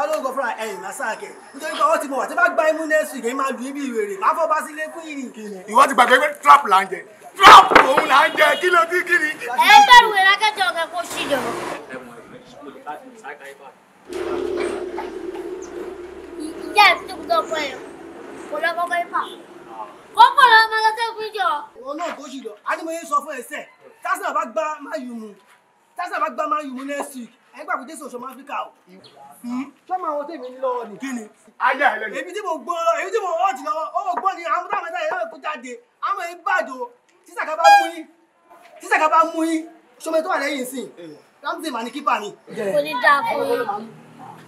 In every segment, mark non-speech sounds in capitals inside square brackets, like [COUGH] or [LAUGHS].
máa ló ń gọ fúnra ẹ̀yìn lásán kẹ nítorí pé ọwọ́ ti mọ̀ wà tí bá gbá imú nẹ́ẹ̀sì rẹ̀ máa lu ibi ìwèrè máa fọ́ bá sílé fún ìrìnkìrì. ìwọ ti gbàgbé pé trap là ń jẹ trap òun là ń jẹ kí ló dín kí ni. ẹ ń bẹ̀rù ìrẹ́ kẹjọ ọ̀gá kó ṣì jọ. ìyá ẹ̀ tó gbọ́ ọkọ ẹ̀ kò lọ́kọ́kọ́ ifá kọ́kọ́ lọ́ máa lọ́tẹ́ fún jọ. òun náà kó ṣì lọ adémọye sọ fún ẹsẹ tásán àbá gbá máyùmù tásán àbá gbá máyùmù next week ẹgbàá kò dé sọ̀sọ̀ máfíríkà o sọ́mọ àwọn tèmi ń lọ ni. kí ni ajá ẹ lẹ́nu. èmi tí mo gbọ́ èmi tí mo wọ́n ti lọ́wọ́ ó gbọ́ ni àwọn táwọn ẹ̀dá yẹn kó jáde àmọ́ èyí bàjọ́ sísàkà bá mú yín sísàkà bá mú yín sọmọ tó wà lẹ́yìn sìn ramsey mà ní kípa ni. kò ní dáa fún yín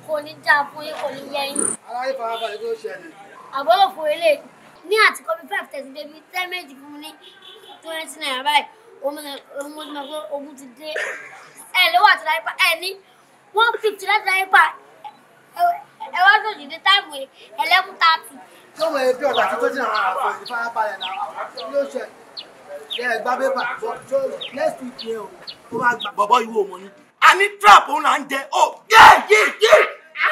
kò ní dáa fún yín kò ní yẹ yín. aláyé farabalẹ̀ tó ṣẹlẹ̀. àbọ̀lọ̀ fún ilé ní àtìkọ́ bíi five thirty débi ten méjì fún mi ní twenty naira báyìí omi omi ogun ti dé ẹ̀ lówó àti láyé pa ẹ̀ ní one fifty láti láyé pa ẹ wá lòdì ní táìmù ẹlẹ́kùn tààtì. sọ́wọ́ ebi ọ̀la tó tẹ́tí àwọn àfọ ìfarabalẹ̀ náà yóò ṣe ẹ gbá bébà tó next week yẹn o tó bá gbà. bọ̀bọ̀ ìwọ ọmọ ni a ní trap òun là ń jẹ ó yé yé yé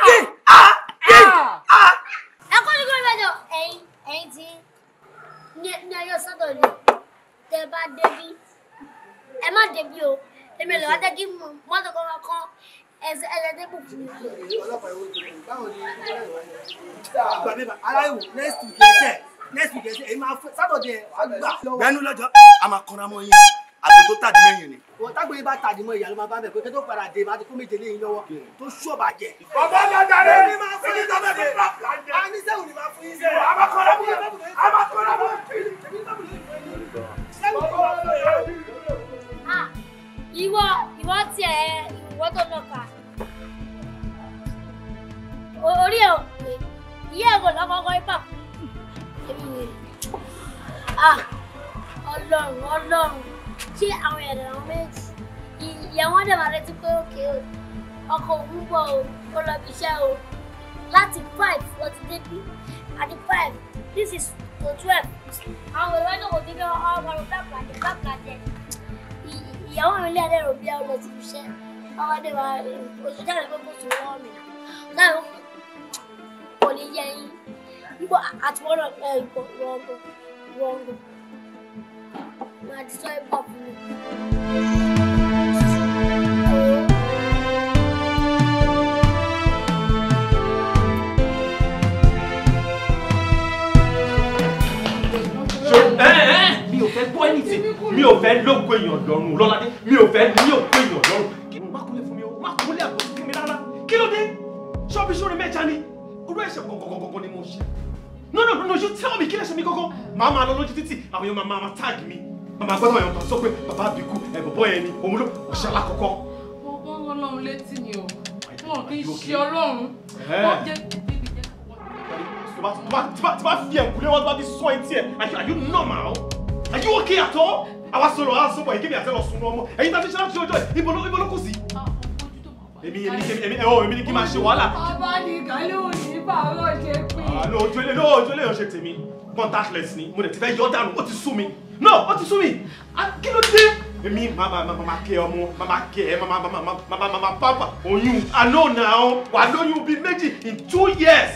yé a yé a. ẹ kọ́ ní kí wọ́n bá jọ ẹ̀yin ẹ̀yin ti ní ọjọ́ sọ́dọ̀ ni tẹ bá débi ẹ má débi o èmi lọ́wọ́ tẹ́ kí mọ́tò kan kọ́ ẹsẹ ẹlẹdẹ bùkún mi. ọlọ́pàá ìwé ìjọba báwo ni ọlọ́pàá next week ẹsẹ next week ẹsẹ èyí máa fẹ sátọdẹ àgbà. lọ́jọ́ a máa kanra mọ yín àgbò tó tàdí mẹ́yìn ni. wọ́n tágbó yín bá tàdí mọ́ ìyàlú máa bá bẹ̀ pé tó padà dé máa ti kó méje léyìn lọ́wọ́ tó ṣú ọ̀bà jẹ. bàbá mi àdàrẹ ní máa fún yín sẹ́wọ̀n ní máa a ní sẹ́wọ̀n ní máa fún yín sẹ́wọ̀n. a máa kọ́ra mọ́ a máa kọ́ra mọ́ sẹ́wọ̀n. Ah, ìwọ ìwọ tiẹ̀ ìwọ tó lọ kà orí ẹ̀ ò pé Ah, ẹ̀ kò lọ́kọ́kọ́ ibà èmi wèrè ọlọ́run ọlọ́run ṣé àwọn ẹ̀rọ àwọn méjì ìyá wọn dẹ̀ máa retí pé òkè o ọkọ̀ òun bọ̀ o ó lọ bí iṣẹ́ o láti five wọ́n ti débi àti five this is to twelve àwọn èrò ẹjọ́ kò débi ọmọ ọmọ rẹ̀ bá pàdé bá pàdé ìyàwó mi lé adẹ́rọ̀ bí ọ lọ sí ọwọ́ dé wa òṣìṣẹ́ rẹ̀ pé kò sí wọ́n mi náà ọ̀sán kò ní yẹ yín nígbà àti wọ́n náà ẹ̀kọ́ wọ́ngọ̀ wọ́ngọ̀ máa ti sọ ẹ̀ pọ̀ fún mi. Eh, eh, mi ò fẹ́ gbọ́ ẹnìtì mi ò fẹ́ lóko èèyàn lọ́rùn lọ́ládé mi ò fẹ́ ní òkú èèyàn lọ́rùn bí sórí mẹ́ta ni irú ẹ̀ṣẹ̀ gọ̀gọ̀gọ̀gọ̀ ni mo ṣe no no no you tell me kí lẹ́sẹ̀ mi gọ́gọ́ màá máa lọ lójú títì àwọn èèyàn máa máa tag mi màmá gbọ́dọ̀ àwọn èèyàn kan sọ pé bàbá àbíkú ẹ̀bọ̀bọ̀ yẹn ni òun ló ọ̀ṣẹ́ alákọ̀ọ́kọ́. mo gbọ́ wọn náà létí ni o wọn kì í ṣe ọlọ́run eh. wọn jẹ́ tí bá fi ẹ̀kú lé wọn tí bá fi sọ etí ẹ̀ are you normal are you okay at all àwa sọ̀rọ̀ àwa sọ̀rọ̀ èkébi àtẹ́lọ̀ sunu ọmọ ẹ̀yin tàbí ṣẹlẹ̀ ṣe ọjọ́ ìbọn ló kù sí èmi èmi kí èmi ẹ̀wọ̀n oh, èmi ni kí n máa ṣe wàhálà. ọba nìkan ló ní bàárọ̀ ṣe pé. àná ojú ilé náà ojú ilé yóò tèmi contactless ni mo dẹ̀ ti fẹ́ yọ dànù ó ti sú mi no ó ti sú mi kí ló dé. èmi màmá màmá kẹ ọmọ màmá kẹ ẹ màmá màmá màmá pápá oyún àná náà wà lóyún bíi méjì in two years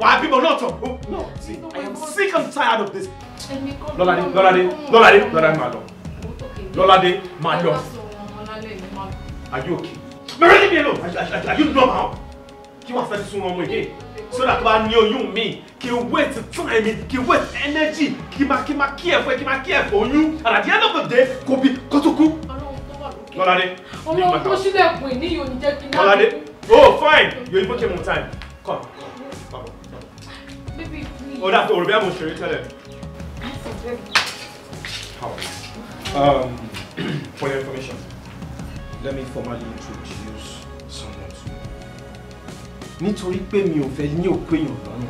wà á bímọ náà tán oh, no see i am sick and tired of this. lọ́ládé lọ́ládé lọ́ládé lọ́ládé máa lọ lọ́ládé máa lọ are you okay. Mary, me alone. Are, are, are you normal? Kí wàá fẹ́ sún ọmọ again? So that when you oyún mi, kí n waste time, kí n waste energy, kí n máa kí n máa kí ẹ̀fọ́, kí n máa And at the end of the day, kò bí kó tó kú. Lọ́ládé. Oh fine, your info came on time. Come, Baby, please. Oh, that's all. Be able to show you. Tell them. How? Um, [CLEARS THROAT] for your information, let me formally introduce you nítorí pé mi ò fẹ́ ní òkú èèyàn lọ́nà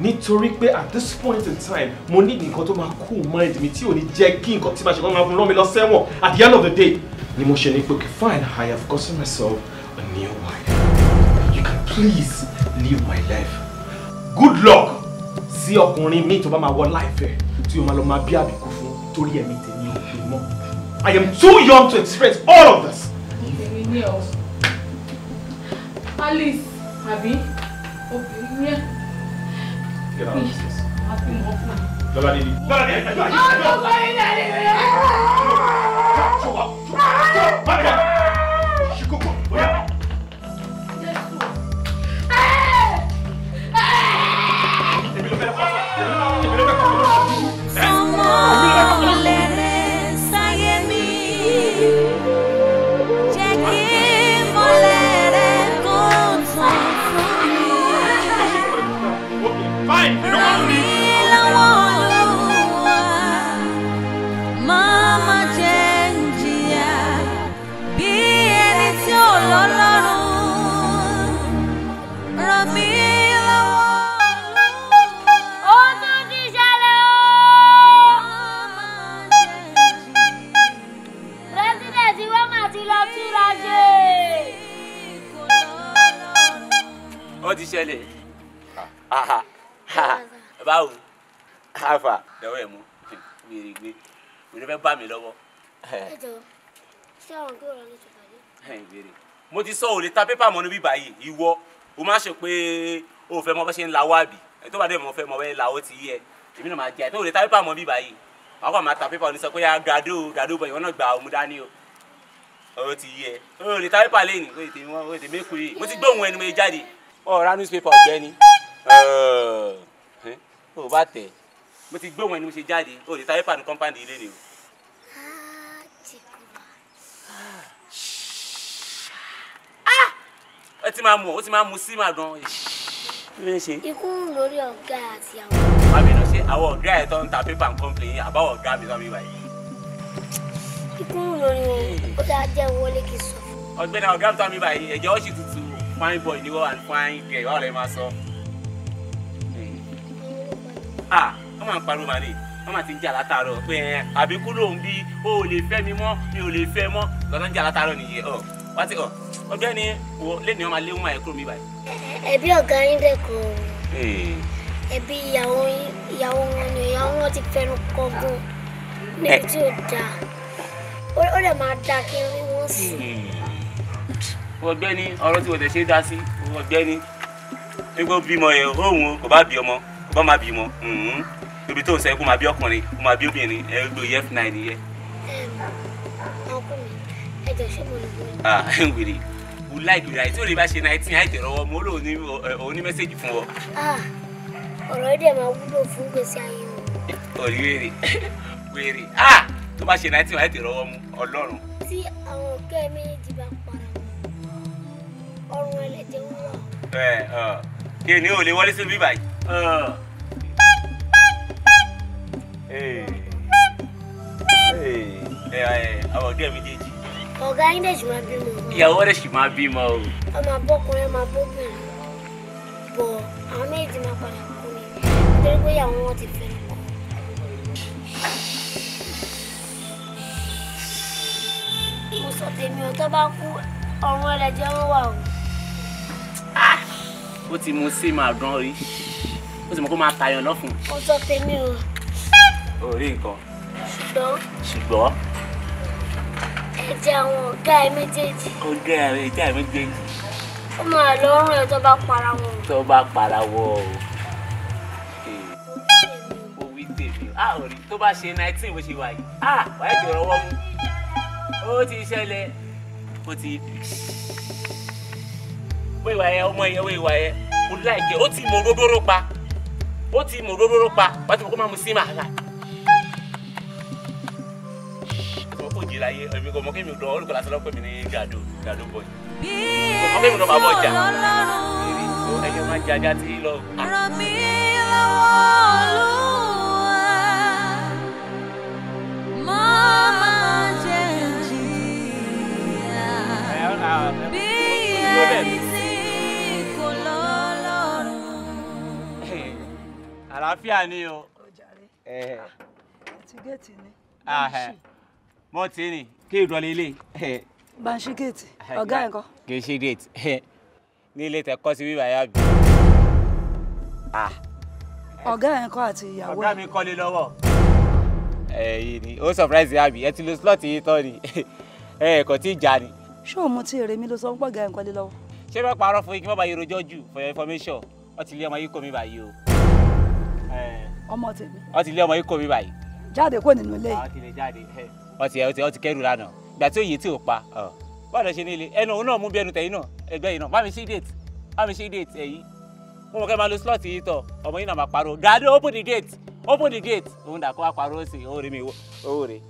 nítorí pé at this point in time mo ní nǹkan tó máa cool mind mi tí ò ní jẹ́ kí nǹkan tí màá ṣe kọ́ máa fún rán mi lọ sẹ́wọ̀n at the end of the day ni mo ṣe ní pé okay fine I have gotten myself a new wife you can please leave my life good luck sí ọkùnrin mi tó bá máa wọ láìfẹ́ tí o máa lọ máa bí àbíkú fún torí ẹ̀mí tèmi ò fi mọ́ I am too young to experience all of this. Alice àbí obìnrin yẹn bí àfihàn fún mi. lọ́la débi. lọ́la débi ẹ̀ka ìjọba. ọ̀dọ́ kọ́ni náà ni. ó ti ṣẹlẹ̀ báwo afa dọwọ ẹ mú wèrè gbé wèrè fẹ́ bá mi lọ́wọ́. mo ti sọ òòlè ta pépà mọ́nú bíbá yìí ìwọ o má ṣe pé o fẹ́ mọ bá ṣe ń la wáàbì tó bá dé mọ fẹ́ mọ bẹ́ẹ̀ la ó ti yẹ èmi náà máa jẹ àìtó òòlè ta pépà mọ́ bíbá yìí wọn kàn máa ta pépà oníṣẹ́ pé ya gàdó gàdó bọ̀ ìwọ náà gba òun dání o ó ti yẹ òòlè ta pépà lẹ́yìn kó ètè mi kú yìí mo ti gbóhùn ẹni mo jáde ọ̀rá newspaper ọ̀gbẹ́ni ó bá tẹ̀ mo ti gbóhùn ẹni mo ṣe jáde ó lè ta ipa ní kọ́ńpáǹdì ilé ni o. ẹ ti máa mú ọ ti máa mú sí màá gan. ikú ń lórí ọ̀gá àti àwọn. àbẹ̀nà ṣé àwọn ọ̀gá ẹ̀ tó ń ta pépà ń kọ́ńpìlì yín àbáwọ̀ ọ̀gá mi tó ń bí báyìí. ikú ń lórí wọn ó dáa jẹ́ wọlé kí n sọ. ọ̀gbẹ́ni àwọn ọ̀gá mi tó ń bí ẹ̀jẹ̀ ó sì fine boy ni wọ́n and fine girl wàá lè máa sọ. ah wọ́n máa ń pariwo màní wọ́n máa ti ń jà látàárọ̀ pé ẹ̀ àbí kúrò ń bí o ò lè fẹ́ mi mọ́ mi ò lè fẹ́ mọ́ lọ́dọ̀ ń jà látàárọ̀ nìyẹn ọ̀ wá sí ọ̀ ọ̀gbẹ́ni wo lẹ́ni ọmọ alẹ́ wọn àìkúrò mi báyìí. ẹbí ọ̀gá yín dẹ́kun ẹbí ìyàwó wọn ni ìyàwó wọn ti fẹnu kọ gan níbi tí ò dáa ó dẹ̀ máa dáa kí wọ́n sùn. Hmm ọ̀gbẹ́ni ọ̀rọ̀ tí wọ́n tẹ̀ ṣe dá sí ọ̀gbẹ́ni nígbà bímọ yẹn òun kò bá bí ọmọ kò bá má bí ọmọ mm-hmm. ibi tó ń sẹ́yìn kó máa bí ọkùnrin kó máa bí obìnrin ẹ gbé yẹ fún náà nìyẹn. ọkùnrin ẹ̀jẹ̀ ṣé mo lè wọlé. ah ń wèrè wù láìpẹ́ rẹ̀ àìtí òrìbá ṣe nineteen àìtẹ̀ rọwọ́ mo lò ní òní mẹ́sẹ̀gì fún ọ. ọ̀rọ̀ ẹ̀dẹ̀ máa wúlò fún gbèsè ayé o. òrí wèrè [LAUGHS] tó bá ṣe nineteen àìtẹ̀ rọwọ́ mu ọlọ́run. tí àwọn ọ̀kẹ́ méjì bá pa ọrùn ẹlẹ́dẹ̀ ń ẹ ẹ kí ni o lè wọlé sínú bíbá yìí. ẹ ẹ àwọn ọ̀gá mi déjì. ọ̀gá yín dẹ̀ sì máa bímọ. ìyàwó rẹ̀ sì máa bímọ o. a máa bọ́kùnrin a máa bóbìnrin bọ̀ àwọn méjì máa padà kú mi nítorí pé àwọn wọn ti fẹ́ràn. mo sọ tèmi ò bá kú ọ̀run ẹlẹ́jẹ̀ ń wà o ó ti mu sí máa dán rí ó sì mọ kó máa tayọ lọ́fun. mo sọ tèmi o. ò rí nǹkan. ṣùgbọ́n. ṣùgbọ́n. ẹ jẹ àwọn ọ̀gá ẹ méjèèjì. ọ̀gá ẹ ìjà ẹ méjèèjì. ó máa lọ rún ẹ tó bá para wọn. tó bá para wọn o. ó wí tèmi a ò rí tó bá ṣe nineteen bó ṣe wà yìí a wàá jọ̀rọ̀ wọ́n mu ó ti ṣẹlẹ̀ ó ti wo ìwà yẹn ọmọ yẹn wo ìwà yẹn mo láìkẹ́ ó ti mọ òróró pa ó ti mọ òróró pa wọ́n ti mọ kó máa mu sí màálà. ọmọ kò jìlá yé èmi kò mọ kí mi dán olùkọ́ lásán lọ́pọ̀ mi ní gàdó gàdó bọ̀ yìí ọmọ kí mi dán máa bọ̀ jà ẹyẹ máa jájá tí lọ. ràn mí lọ́wọ́ olúwa mọ́ máa jẹ́ jìyà. àlàáfíà ni o. Ah, ẹ ti géètì ni. mo ti ní kí ìrọ̀lẹ́ ilé. banṣi géètì ọ̀gá ẹ̀ kọ́. kì í ṣe géètì ní ilé tẹ kọ́ sí wíwá yá bí. Ah. ọ̀gá ẹ̀ kọ́ àti ìyàwó ọ̀gá mi kọ́lé lọ́wọ́. ẹ̀yin ni ó surprise yá bí ẹ ti lo slot yìí tán ni ẹ kò tí ì já ni. ṣé o mú tí èrè mi ló sọ ń pọ̀ ọ̀gá ẹ̀ kọ́lé lọ́wọ́. ṣé bẹ́ẹ̀ parọ́ fún yín kí wọ́n bá yẹ rojọ́ jù for your information wọ́n ti lé ọmọ yìí kọ́ mi báyìí o. Eh. ọmọ tèmi. wọ́n ti lé ọmọ yìí kó mi báyìí. jáde kó nínú ilé. àwọn ti lè jáde wọ́n ti wọ́n ti kẹ́rù lánàá ìgbà tí òye tí ò pa báwo lọ ṣe ní ilé ẹnu òun náà mú bí ẹnu tẹ̀yìn náà ẹgbẹ́ yìí náà má mi ṣí déètì má mi ṣí déètì ẹ̀yìn mo mọ̀ kẹ́ máa lo slot yìí tọ̀ ọmọ yìí náà máa parọ́ dàdé open the gate open the gate òun dà kó wá parọ́ sí i oore mi oore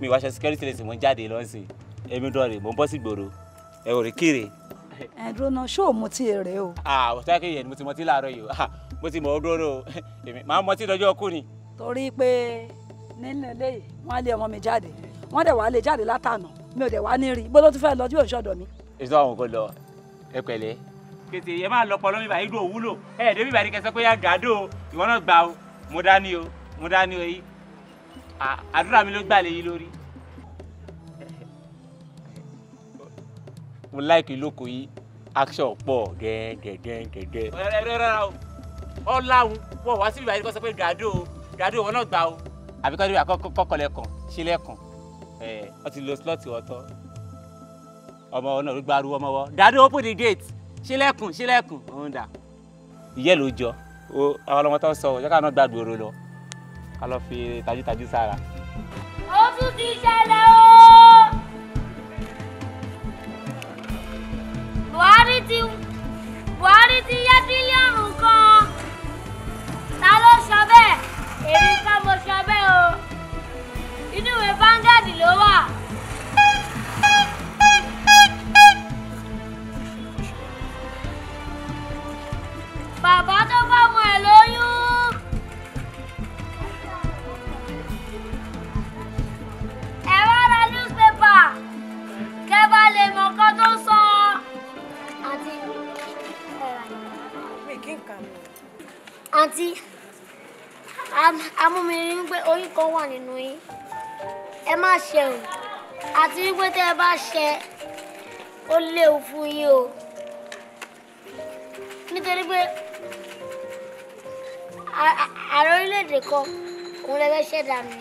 mi wáṣọ security lẹ́sìn mo ń jáde lọ́sìn èmi dọ̀rẹ̀ mo ń bọ́ sí gbòòrò ẹ̀ òrè kéré. ẹ̀dùn náà ṣó o mutí rèé o. àwọn tó yà kéèyàn ni mo ti mọtí láàárọ̀ yìí mo ti mọ̀ ọ́ dúró o [LAUGHS] èmi màá mọtí lọ́jọ́ kú ni. torí pé nílẹ̀ lẹ́yìn wọ́n á lé ọmọ mi jáde wọ́n dẹ̀ wàá lè jáde látànà mi ò dẹ̀ wàá ní rí i bó ló tún fẹ́ lọ tí yóò ṣọ̀dọ̀ mi. ìṣọ́ àwọn kò lọ ẹ pẹ̀lẹ́. kété ẹ máa lọ pọlọ mi báyìí dùn òwúlò ẹ ẹ débi báyìí kẹsàn-án pé yá gàdó o ìwọ náà gbà o mo dání o mo dání o yìí àdúrà mi ló gbà lé yìí lórí. mo láìkì lóko yìí action pọ̀ gẹ́gẹ́gẹ́gẹ́. rárá o ọláhun wọn wá síbi ìbàdí kan sọ pé gàdó o gàdó wọn náà gbà o àbí kọ́ni kọ́kọ́lẹ̀ kan sílẹ̀ kan ẹ ọ ti lo slọ́ọ̀tì ọ̀tọ̀ ọmọ náà ló gbárù ọmọ wọ gàdó open the gate sílẹ̀kùn sílẹ̀kùn òun dà ìyẹ́ ló jọ àwọn ọlọ́mọ tó ń sọ ọ̀jọ́ káwọn náà gbàgbòòrò lọ ká lọ́ọ́ fi tajútajú sára. ó tún ti ṣẹlẹ̀ o. buhari ti buhari ti yá bílíọ̀nù kan ta ló sọ bẹ́ẹ̀ èmi kọ́ mo sọ bẹ́ẹ̀ o inú ìwé Vanguard ló wà. bàbá tó bá ọmọ ẹ̀ lóyún. ẹ wá amúmirin pé oyún kan wà nínú yín ẹ má ṣẹ̀wọ̀n àti wípé tẹ́ ẹ bá ṣẹ ó léwu fún yín o nítorí pé ààrẹ orílẹ̀-èdè kan òun lè fẹ́ ṣẹ̀dá mi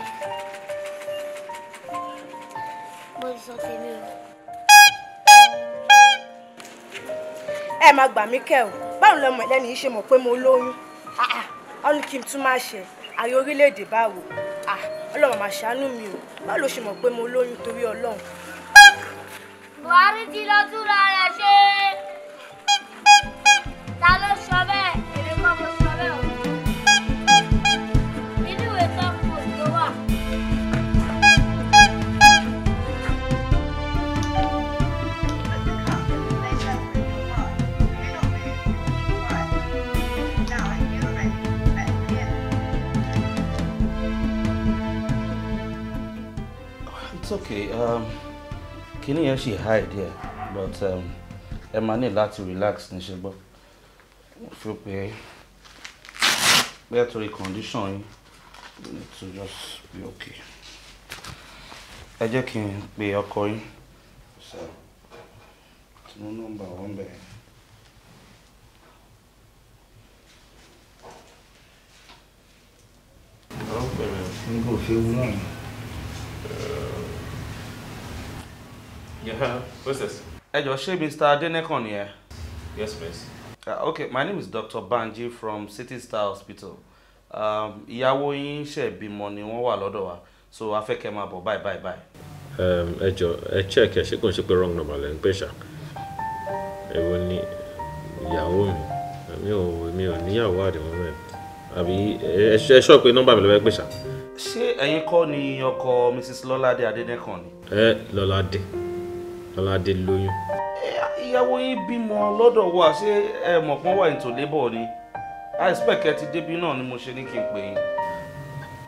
mo ti sọ tèmi o. ẹ máa gbà mí kẹ́ o báwo lọmọ ẹlẹ́ni yìí ṣe mọ̀ pé mo lóyún ọ ní kí n tún máa ṣe àyè orílẹ̀-èdè báwo ọlọ́run máa ṣàánú mi o báwo ló ṣe mọ̀ pé mo lóyún torí ọlọ́run. buhari ti lọ túra rẹ̀ ṣe ta ló it's okay um, kìnìún yẹn ṣì hide here? but um, ẹ máa ní to relax níṣẹ́ gbọ́ mo feel pé Better torí condition you need to just be okay I just can be pe ọkọ yín tí mo nọ́mbà wọn bẹ̀rẹ̀. ọ̀rọ̀ pẹ̀lú. n feel fi Yeah, who's this? Ẹ jọ̀ọ́, ṣé Mr. Adenekan ni Yes, please. Uh, okay, my name is Dr. Banji from City Star Hospital. Um, ìyàwó yín ṣẹ̀ bímọ ni wọ́n wà wa, so a fẹ́ kẹ́ máa bye. báyìí báyìí báyìí. Um, ẹ jọ̀ọ́, ẹ check ẹ ṣé kò ń wrong number lẹ́ ń pè ṣá. Èwo ni ìyàwó mi? Mi ò mi ò níyàwó àdìmọ́ mẹ́rin. Àbí ẹ ṣọ́ pé nọ́mbà mi lọ́ fẹ́ pè ṣá. Ṣé ẹ̀yin kọ́ ni ọkọ Mrs. Lọ́ládé Eh, Lola de. Lọ́ládé lóyún. ìyàwó yín bímọ lọ́dọ̀ wa ṣé ẹ mọ̀ pọ́n wà into labour ni i expect ẹ ti débi náà ni mo ṣe ní kí n pè yín.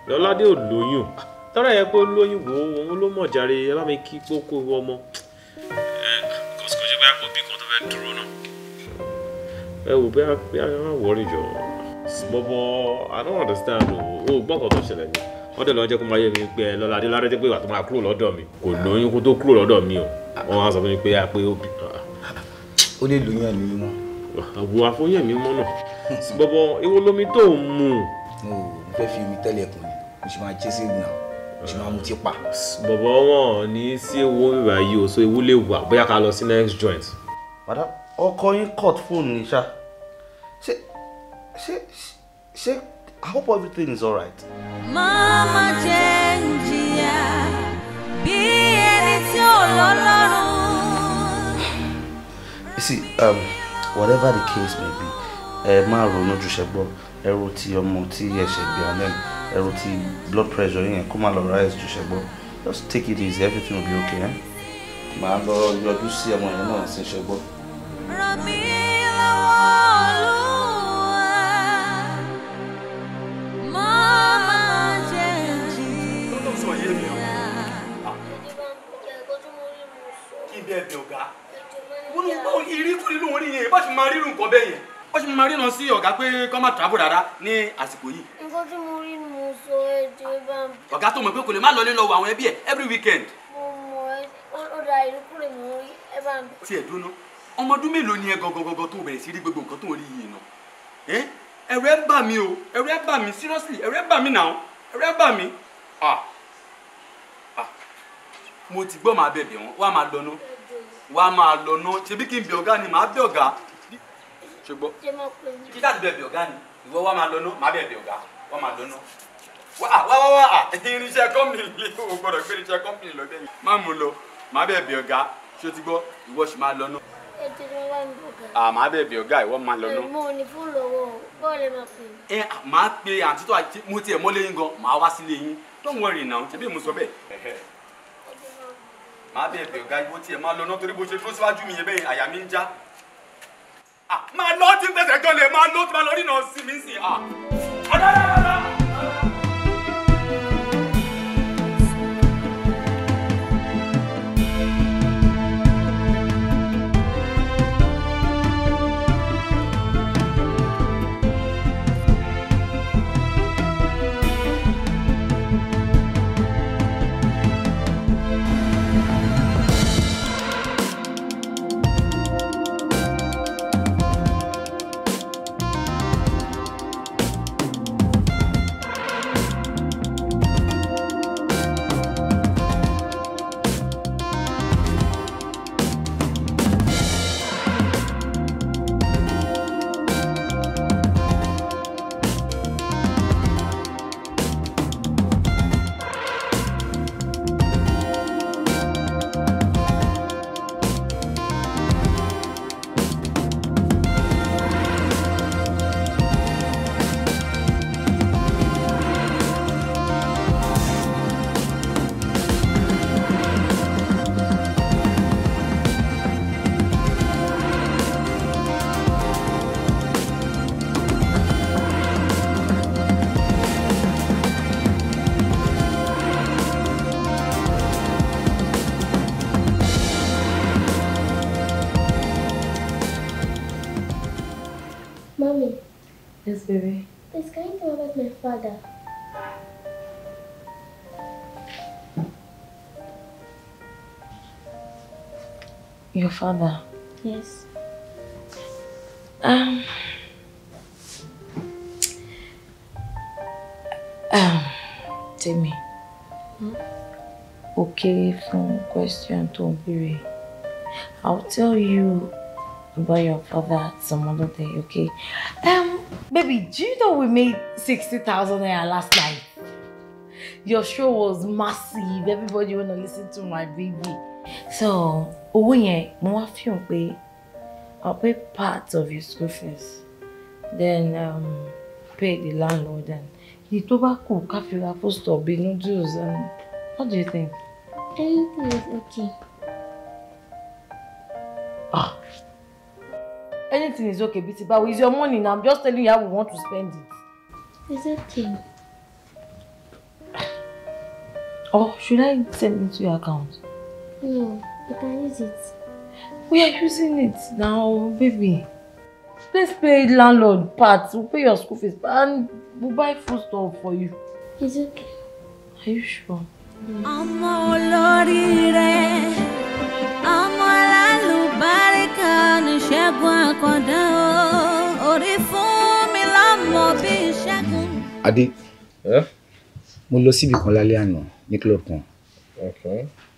Lọ́ládé ò lóyún tọ́rọ̀ yẹ pé ó lóyún wò òun ló mọ̀ jàre ẹ bá mi kí pókó ọmọ. ẹ ṣe bá kò bí kan tó fẹ́ dúró náà. ẹ wò bí a bí a máa wọrí jọ bọ́bọ́ i don't understand o ò gbọ́ tó ṣẹlẹ̀ ni wọ́n dẹ̀ lọ́jọ́ kó máa yé mi pé ẹ lọ́la adé ládé pé ìgbà tó máa kúrò lọ́dọ̀ mi kò lóyún kó tó kúrò lọ́dọ̀ mi o wọ́n wá sọ fún mi pé apé ó bì. Ah, ó lè lóyún ẹ̀mí mímọ́. Ah, àbúrò àfọyín ẹ̀mí mímọ́ náà bọ́bọ́ ewo lomi tó ń mu. mo fẹ́ fi omi tẹ́lẹ̀ kùn mi mo sì máa jẹ́ ségun náà mo sì máa mutí pa. bọ̀bọ̀ wọn ní sí ewu ìwà yìí o so ewu lè wà bóyá ká lọ sí next joint. padà ọkọ yín cut fóònù ní sá ṣé ṣé ṣé I hope everything is alright. Mama Jenjiya, bí You see, um, whatever the case may be, ẹ máa ronú ju ṣẹgbọ́ ẹrù ti ọmọ tí ẹ̀ṣẹ̀ gbé blood pressure yẹn kó má lọ just take it easy everything will be okay. Eh? màá lọ yọjú sí ọmọ yẹn náà sí ẹ̀bẹ̀ ọ̀gá wọn ní báwo ìrí nínú wọn nìyẹn bá ti máa rírun nǹkan bẹ́ẹ̀ yẹn bá ti máa ríran sí ọ̀gá pé kọ́ máa tààbò rárá ní àsìkò yìí. nǹkan tí mo rí ni mo sọ ẹ jẹ bá mi. ọ̀gá tó mọ̀ pé kò lè má lọ lọ wọ àwọn ẹbí ẹ̀ every weekend. mo mọ ẹ ọ̀dà ìrúkúrò mi ẹ bá mi. tiẹ̀ dúnú ọmọ ọdún mélòó ni ẹ gangan tó bẹ̀rẹ̀ sí rí gbogbo nǹkan tó rí yìí nà ẹ bà ẹ bà mí seriously ẹ̀rù ẹ bà mí wà á máa lọ ná ṣebí kí n bẹ ọ̀gá ni màá bẹ ọ̀gá ṣùgbọ́n kí láti bẹ bẹ ọ̀gá ni ìwọ wà á máa lọ ná màá bẹ bẹ ọ̀gá wà á máa lọ ná wá wá wá wá irinṣẹ́ kọ́mpìnì lé [LAUGHS] o gbọ́dọ̀ gbé irinṣẹ́ kọ́mpìnì lọ dẹ́yìn má mú lọ màá bẹ bẹ ọ̀gá ṣó ti gbọ́ ìwọ sì máa lọ ná. ẹ ti ní wá ní àmọ́ abẹ́ bẹ ọ̀gá ìwọ máa lọ ná. mo ní fún lọ́wọ́ bọ́ọ̀lù máa pè. ẹ máa pe àǹtí tó mo tiẹ̀ mọ́lé yín gan máa wá sílé yín don't worry now ṣebí mo sọ bẹ́ẹ̀ má bẹ bẹ ọ̀gá ìwọ tiẹ̀ máa lọ náà torí bó ṣe dúró síwájú mi yẹn bẹ́ẹ̀ àyà mi ń já. máa lọ tí ń fẹsẹ̀ jọ lè máa lọ tí máa lọ nínú ọ̀sìn mi sìn. father. Yes. Um, um, me. Hmm? Okay. From question tó béèrè. I'll tell you about your father some other day, okay? Um, baby, do you know we made 60,000 naira last night? Your show was massive. Everybody want to listen to my baby. so owó yẹn mo wá fi hàn pé I'll pay part of your school fees then um, pay the landlord and the tobacco ká fi ra foodstuff bíi noodles and what do you think? anything is okay. Ah. Anything is okay, Bisi. but with your money now, I'm just telling you how we want to spend it. Is okay. Or oh, should I send it to your account? No, mm, you can use it. We are using it now, baby. Let's pay landlord part. We'll pay your school fees and we'll buy food stuff for you. It's okay. Are you sure? Mm. Ọmọ olóríire, ọmọ alálùbáríkà ni Ṣẹ́gun Àkàndá o, orí fún mi lọ́mọ bí Ṣẹ́gun. Adé, mo lọ síbi kan lálẹ́ àná ní club kan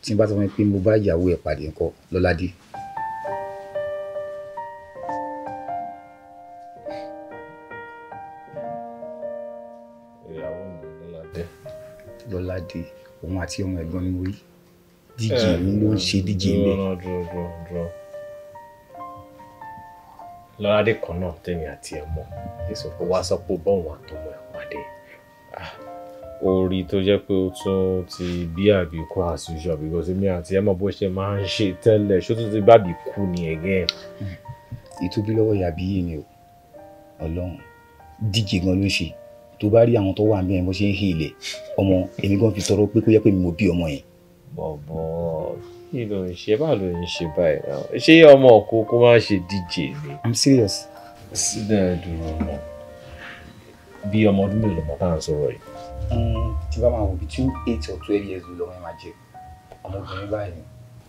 tí n bá sọ fún mi pé mo bá ìyàwó ẹ̀ pàdé ńkọ́ lọ́ládé. ìyàwó mi lọ́ládé. lọ́ládé òun àti ọmọ ẹ̀gbọ́n mi wí eh, díje mi ló ń ṣe díje mi. lọ́ládé kan náà tẹ̀yìn àti ẹ̀ mọ́ èso kó wá sọ pé bọ́ọ̀n àtọmọ ẹ̀ pàdé. Ah orí tó jẹ́ pé ó tún ti bí àbí kú as usual because èmi àti ẹ̀ mọ̀ bó ṣe máa ń ṣe tẹ́lẹ̀ ṣó tún ti bá àbí kú ni again. ìtúbí lọ́wọ́ ìyá bí yìí ni o ọlọ́run díje gan ló ń ṣe tó bá rí àwọn tó wà níbẹ̀ bó ṣe ń hìlẹ̀ ọmọ èmi gan fi tọrọ pé kó yẹ pé mi mo bí ọmọ yẹn. bọ̀bọ̀ kí ló ń ṣe báà ló ń ṣe báyìí ṣé ọmọ òkú kó má ṣe díje ni. i'm serious. sílẹ̀ dùn ún bí ọmọ ọdún mélòó lọ́mọ tá ń sọ̀rọ̀ yìí tí bá máa wò between eight or twelve years ló lọ́wọ́ ẹ máa jẹ ọmọbìnrin báyìí.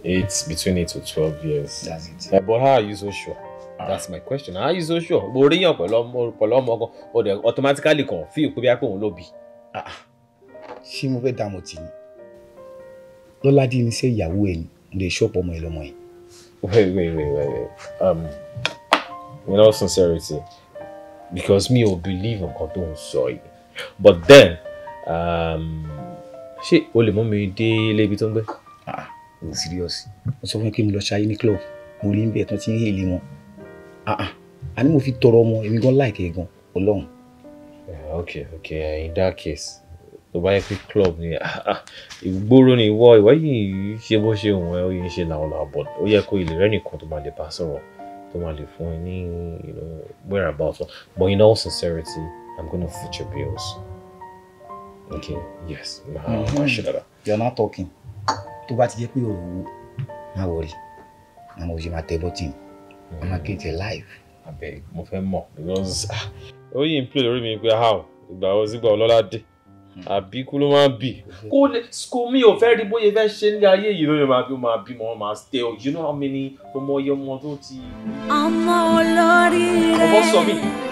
eight between eight to twelve years. that's it. Yeah, but how are you so sure? that's my question how are you so sure? mo ríyàn pẹ̀lú ọmọ pẹ̀lú ọmọ gan o de automatically kan fi ìpè bí a pé òun ló bí. Ah, ah. ṣé mo fẹ́ dààmú tì ní lọ́ládé ní sẹ́ ìyàwó ẹ̀ ni lè ṣọ́ọ̀pù ọmọ ẹ̀ lọ́mọ ẹ̀. wait wait wait wait wait um, in all sincerity because me ò believe nǹkan tó ń sọ yìí but then Um, ṣé o lè mú mi dé ilé ibi tó ń gbé. o ah, serious mo sọ fún yín kí mi lọ ṣayé ní club mo rí níbẹ̀ tán tí ń hèlè wọn àní ah, ah. mo fi tọrọ ọmọ èmi gan láìkẹ́ gan ọlọ́run. ok ok in that case tó bá yẹ pé club ni ìgboro ni ìwọ ìwọ yìí ṣe bó ṣe òun ẹ ó yẹ ṣe làwọn làwọn bọ̀ ó yẹ kó ilé rẹ nìkan tó máa lè bá sọ̀rọ̀ tó máa lè fún ẹ ní whereabouts but in all sincerity i'm gonna foot your bills okay yes máa ṣe dáadáa. you are not talking tó bá ti jẹ́ pé òru wo má my table mo ṣe máa tẹ bọ́tìn má máa kéde live. abeg mo fẹ́ mọ̀ because Oh, you n play lórí mi pé how ìgbà wo sígbà ọlọ́lá dé hmm. àbí A bi máa ń bì. kó kó mi ò fẹ́ rí bóyá fẹ́ ṣe ní ayé yìí lóye máa bí bi, bímọ máa stay you know how many ọmọ iye ọmọ tó ti. ọmọ olórí rẹ ọmọ sọ mi.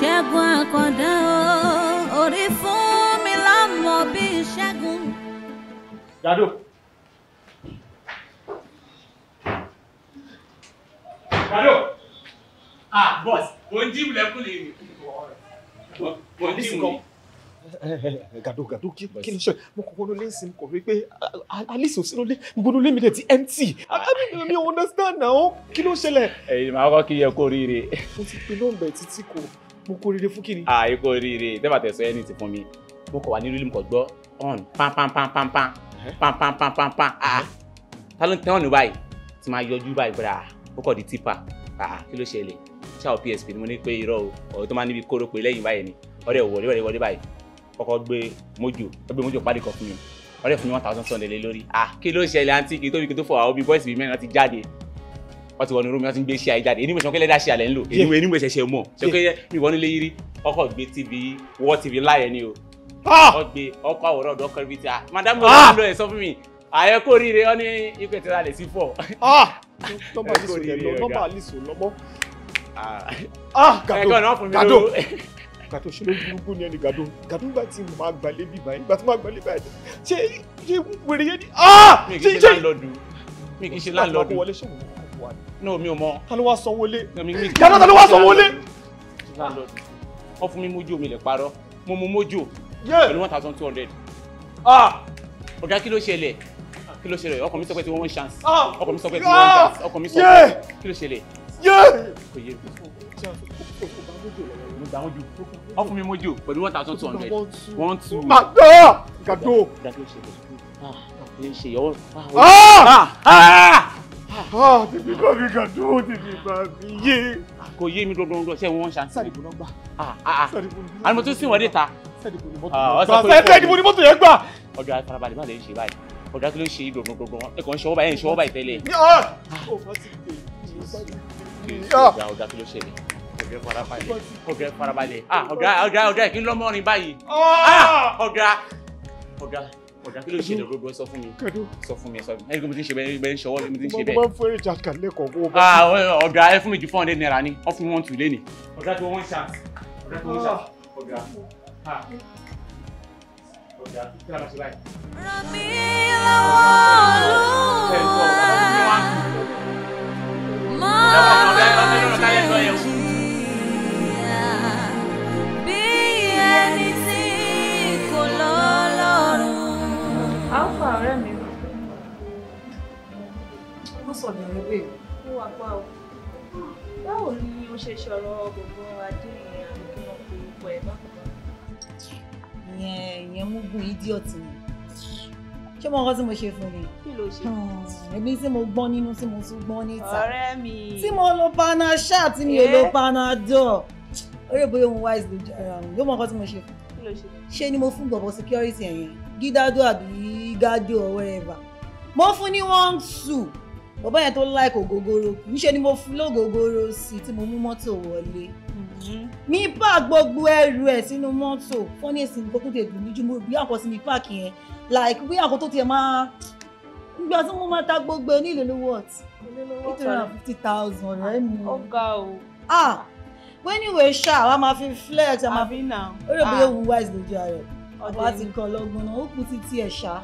ṣẹ́gun àkàndá orí fún mi lámọ bíi ṣẹ́gun. dado dado ah boss mo ń jí ilẹ̀kùn lè mi mo ń jí mu ni [LAUGHS] gàdó gàdó kí kí ni sọ mo kò wọnú lé nsìn kò rí pé alice ò sínú lé gbogbo lé mi dẹ̀ ti empty mi mi ò understand náà kí ló ṣẹlẹ̀. ẹ̀yin màá kọ́ kí yẹ kó rí rè. mo ti pinnu ọ̀bẹ títí kò mo kó rire fún kìnìún. àà ah, ikú oríire dẹ́gbà tẹ̀sán ẹni ti fún mi mo kọ̀ wá ní rílímù kọ̀ gbọ́ ọ̀n pánpánpánpánpán pánpánpánpánpán àà ta ló ń tẹ́ ọ̀nù báyìí tí máa yọjú báyìí bra. Ah, ó kọ̀ di tipa ah, àà kí ló ṣẹlẹ̀ ṣáà PSP ni mo ní pé irọ́ o ọ̀rọ̀ tó máa níbi kóró pé lẹ́yìn báyìí ni ọ̀rẹ́ wọlé wọlé wọlé báyìí kọ́kọ́ gbé mojo gbé mojo pàdé kan fún mi ọ̀rẹ́ fún mi one thousand sunday lé lórí ah kí ló ṣẹlẹ̀ àǹtí kì í tóbi kì í tó fọ àwọn bíi bọ́ìsì bíi mẹ́rin láti jáde wọ́n ti wọnú rúmi wọ́n ti ń gbé iṣẹ́ ayé jáde eníwèsàn kẹlẹ́ dá ṣe àlẹ́ ńlò eníwèsàn ṣe mọ̀ ṣe kẹ́yẹ mi wọ́n nílé yírí ọkọ̀ gbé tv wọ́ tv láyẹ̀ ni o ah! ọgbẹ ọkọ̀ àwòrán ọ̀dọ́ kọ́ ibi tí a madam ọ̀dọ́ ah! ẹ̀ sọ fún mi ààyè kò ríire ọ ní ìpè tí a lè sí fọ. Ah! [LAUGHS] nọ́mbà àlìsò lọ́mọ. gàdó gàdó [LAUGHS] ṣe ló burúkú ní ẹni gàdó gàdó nígbà tí màá gbalẹ̀ bí báyìí nígbà tí màá gbalẹ̀ báyìí ṣe ṣe wèrè yẹn ni. mi kì í ṣe láńlọ́ọ̀dù mi kì í ṣe láńlọ́ọ̀dù náà mi ò mọ ta ló wá sanwó lé. yàrá ta ló wá sanwó lé. wọ́n fún mi mójú mi lè parọ́ mo mu mójú pẹ̀lú one thousand two hundred. Ah! ọ̀gá kí ló ṣẹlẹ̀ kí ló ṣẹlẹ̀ ọkọ mi sọ pé tí wọ́n ń chance ah! ọkọ mi sọ pé tí wọ́n ń ah! chance ọkọ mi sọ pé kí ló ṣẹlẹ̀. kò yé mi mo wọ́n fún mi mójú pẹ̀lú one thousand two hundred one two. gàdó gàdó ṣẹlẹ̀ ṣe yọwọ́. Ah, ah tèmi kọ́ mi kà dúró tèmi bá mi yé. Kò yé mi dọ̀dọ̀dọ̀ ṣé wọ́n ṣàǹtì. Sẹ́ẹ̀dì kò lọ gbà. Ah, ah, Àlùmọ̀ tó sìn wọ́n dé ta. Sẹ́ẹ̀dì kò ní mọ́tò yẹn gbà. Sẹ́ẹ̀dì kò ní mọ́tò yẹn gbà. Ọ̀dọ̀ àfarabalẹ̀ má lè ń ṣe báyìí. Ọ̀dọ̀ kí ló ń ṣe dọ̀dọ̀dọ̀dọ̀ ẹ̀kọ́ ń ṣọwọ́ báyìí ń ṣọwọ́ báyìí tẹ́lẹ̀. Ọ̀dọ̀ kí ló ṣẹlẹ̀? ọ̀gá farabalẹ̀ ọ̀gá farabalẹ̀ ọ̀gá ọ̀gá ọ̀gá kí ló mọ́rin báyìí ọ̀gá ọ̀gá ọ̀dà kí ló ṣe ọ̀gá ẹ fún mi ju four naira ni wọ́n fún mi one lé ní. ọ̀gá tí wọ́n ṣá ọ̀gá tí wọ́n ṣá ọ̀gá ọ̀gá kí ló máa ṣe báyìí. Alfa ọ̀rẹ́ mi. Wọ́n sọ bẹ̀rẹ̀ wé o. Ó wà pa o. Báwo ni o ṣe ṣọ̀rọ̀ gbogbo adé ìrìn àdúgbò náà kó pọ̀ ẹ̀ bákan náà? Ìyẹn ìyẹn mú gùn idiot ni. Ṣé mo kọ́ tí mo ṣe fún mi? Kí ló ṣe? Ẹbí hmm, tí mo gbọ́n nínú tí mo tún gbọ́n níta. Ọ̀rẹ́ mi. Tí mo lo Panadol tí mi ò lo eh? Panadol. Ó rè bóyá òun wise ló jẹ́ ara òun. Yóò mọ nǹkan tí mo ṣe fún. Ṣé ni mo fún gbọ̀bọ̀ security ẹ̀yẹn? gídádò àbí gádò or whatever mo fún ní one two bàbá yẹn tó like ògógóró níṣẹ́ ni mo fún lógógóró sí tí mo mú mọ́tò wọlé mm-hmm. mi park gbogbo ẹrù ẹ̀ sínú mọ́tò fọ́nì èsì nǹkan tó tẹ̀ dùn níjú mo bí àkọ́ sí mi park yẹn like bí àkọ́ tó tiẹ̀ máa nígbà tí mo máa ta gbogbo ẹ ní ìlú lówó ọ̀tí eight hundred and fifty thousand rẹ̀ mi. ó ga o. ah wẹ́niwèé ṣáà wàá máa fi flex àbí náà ó rò bóyá ah. òun wise lójú ara rẹ̀ ọba ti gàn lọ́gbọ̀n náà ó kú ti tiẹ̀ ṣá.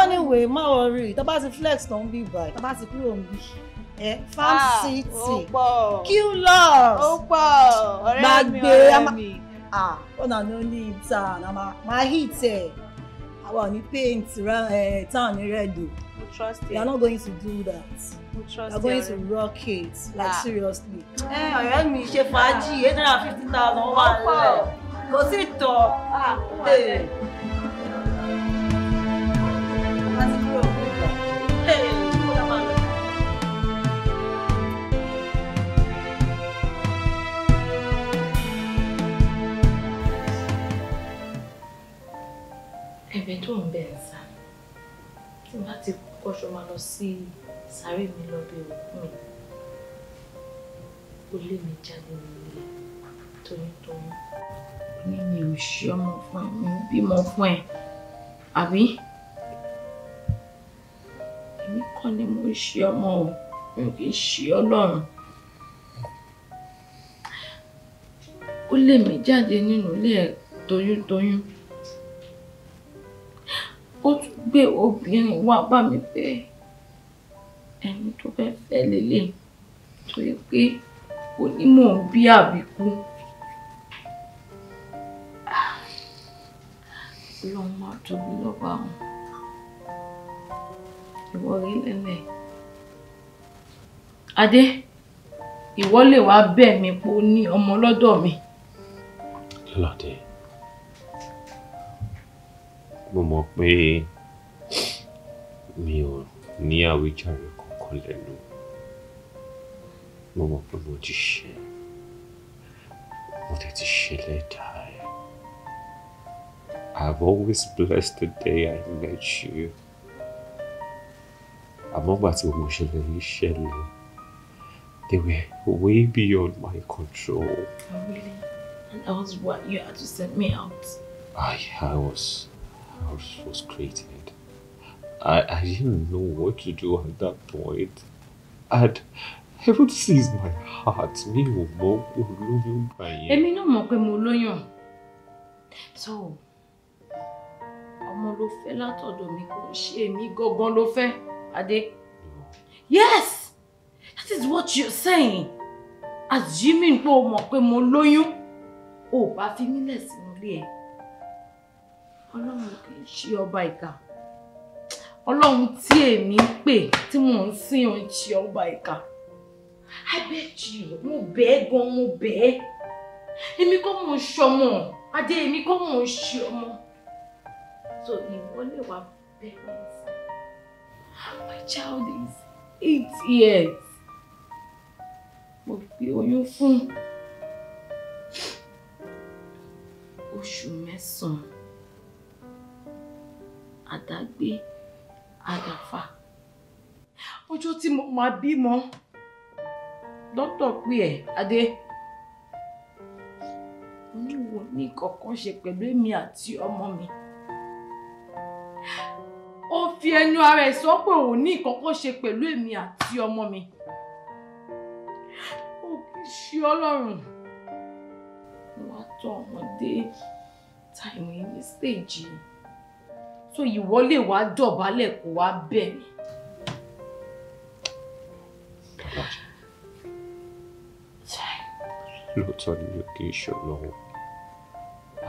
anyway má worry tó bá ti flex tó ń bí báyìí tó bá ti kúrò ń bí ẹ farm ah, city q loss gbàgbé ọ̀nà ah, ní oní ìta máa hit ẹ̀ àwa ò ní paint town ní red o trust you. You're not going to do that. We trust You're going to rock it. Like yeah. seriously. Ẹ eh, ọ̀rẹ́ mi ṣe fàájì eight hundred and fifty thousand one. lẹ̀ kò sí ìtọ̀ ẹ̀bẹ̀ tó ń bẹ̀ ń sá tí n bá ti kọ́ṣọ máa lọ sí sáré mi lọ bí òkú mi ó lé mi jáde nílé toyúntoyún ní mi ò ṣe ọmọ fún ẹ mi ò bímọ fún ẹ àbí èmi kọ́ ni mo ṣe ọmọ o mi ò kì í ṣe ọlọ́run ó lé mi jáde nínú ilé ẹ̀ toyúntoyún ó tún gbé obìnrin wá bá mi bẹ́ẹ̀ ẹni tó fẹ́ fẹ́ lélẹ̀ torí pé onímọ̀ bí àbíkú. ọlọ́run máa tóbi lọ́ba òun ìwọ rí lẹ́lẹ̀ adé ìwọ lè wá bẹ̀ mí pé ó ní ọmọ lọ́dọ̀ mi. lọ́dẹ mo mọ̀ pé mi ò ní àwíjàre kankan lẹ́nu mo mọ̀ pé mo ti ṣe mo tẹ̀ ti ṣe lẹ́dàá. I've always blessed the day I met you. Àmọ́gbà tí mo ṣẹlẹ̀ yìí ṣẹlẹ̀, they were way beyond my control. Oh, really? And that was what you had to send me out? I, I was, I was was created. I, I didn't know what to do at that point. And heaven sees my heart. Mi ò mọ̀ pé olóyún gbà yẹn. Èmi náà mọ̀ pé mo lóyún. So, ọmọ ló fẹ́ látọ̀dọ̀ mi kò ṣe èmi gangan ló fẹ́ adé. yes that is what you are saying assuming pé o mọ̀ pé mo lóyún o bá fi mí lẹ̀ sínú ilé ẹ̀ ọlọ́run kì í ṣe ọba ìkà ọlọ́run tí èmi ń pè tí mò ń sìn ò ń ṣe ọba ìkà i bet you mo bẹ̀ ẹ́ gan mo bẹ̀ ẹ́ èmi kọ́ mò ń ṣọmọ adé èmi kọ́ mò ń ṣe so ìwọ lè bẹ̀rẹ̀ inside my child is eight years mo fi oyún fún oṣù mẹ́sàn-án àdágbé àdàfà ọjọ́ tí mo máa bímọ dọ́tọ̀ pé ẹ̀ adé oníwo ní kọ̀ọ̀kan ṣe pẹ̀lú èmi àti ọmọ mi ó fi ẹnu ara ẹ̀ sọ pé òun ní ìkọ́kọ́ ṣe pẹ̀lú èmi àti ọmọ mi ó kì í ṣe ọlọ́run wàá tọ́ ọmọdé táìmù ní stéèjì tó ìwọ lè wá dọ̀bálẹ̀ kó wá bẹ̀ mí. lóòótọ́ ni mi kì í ṣe ọlọ́run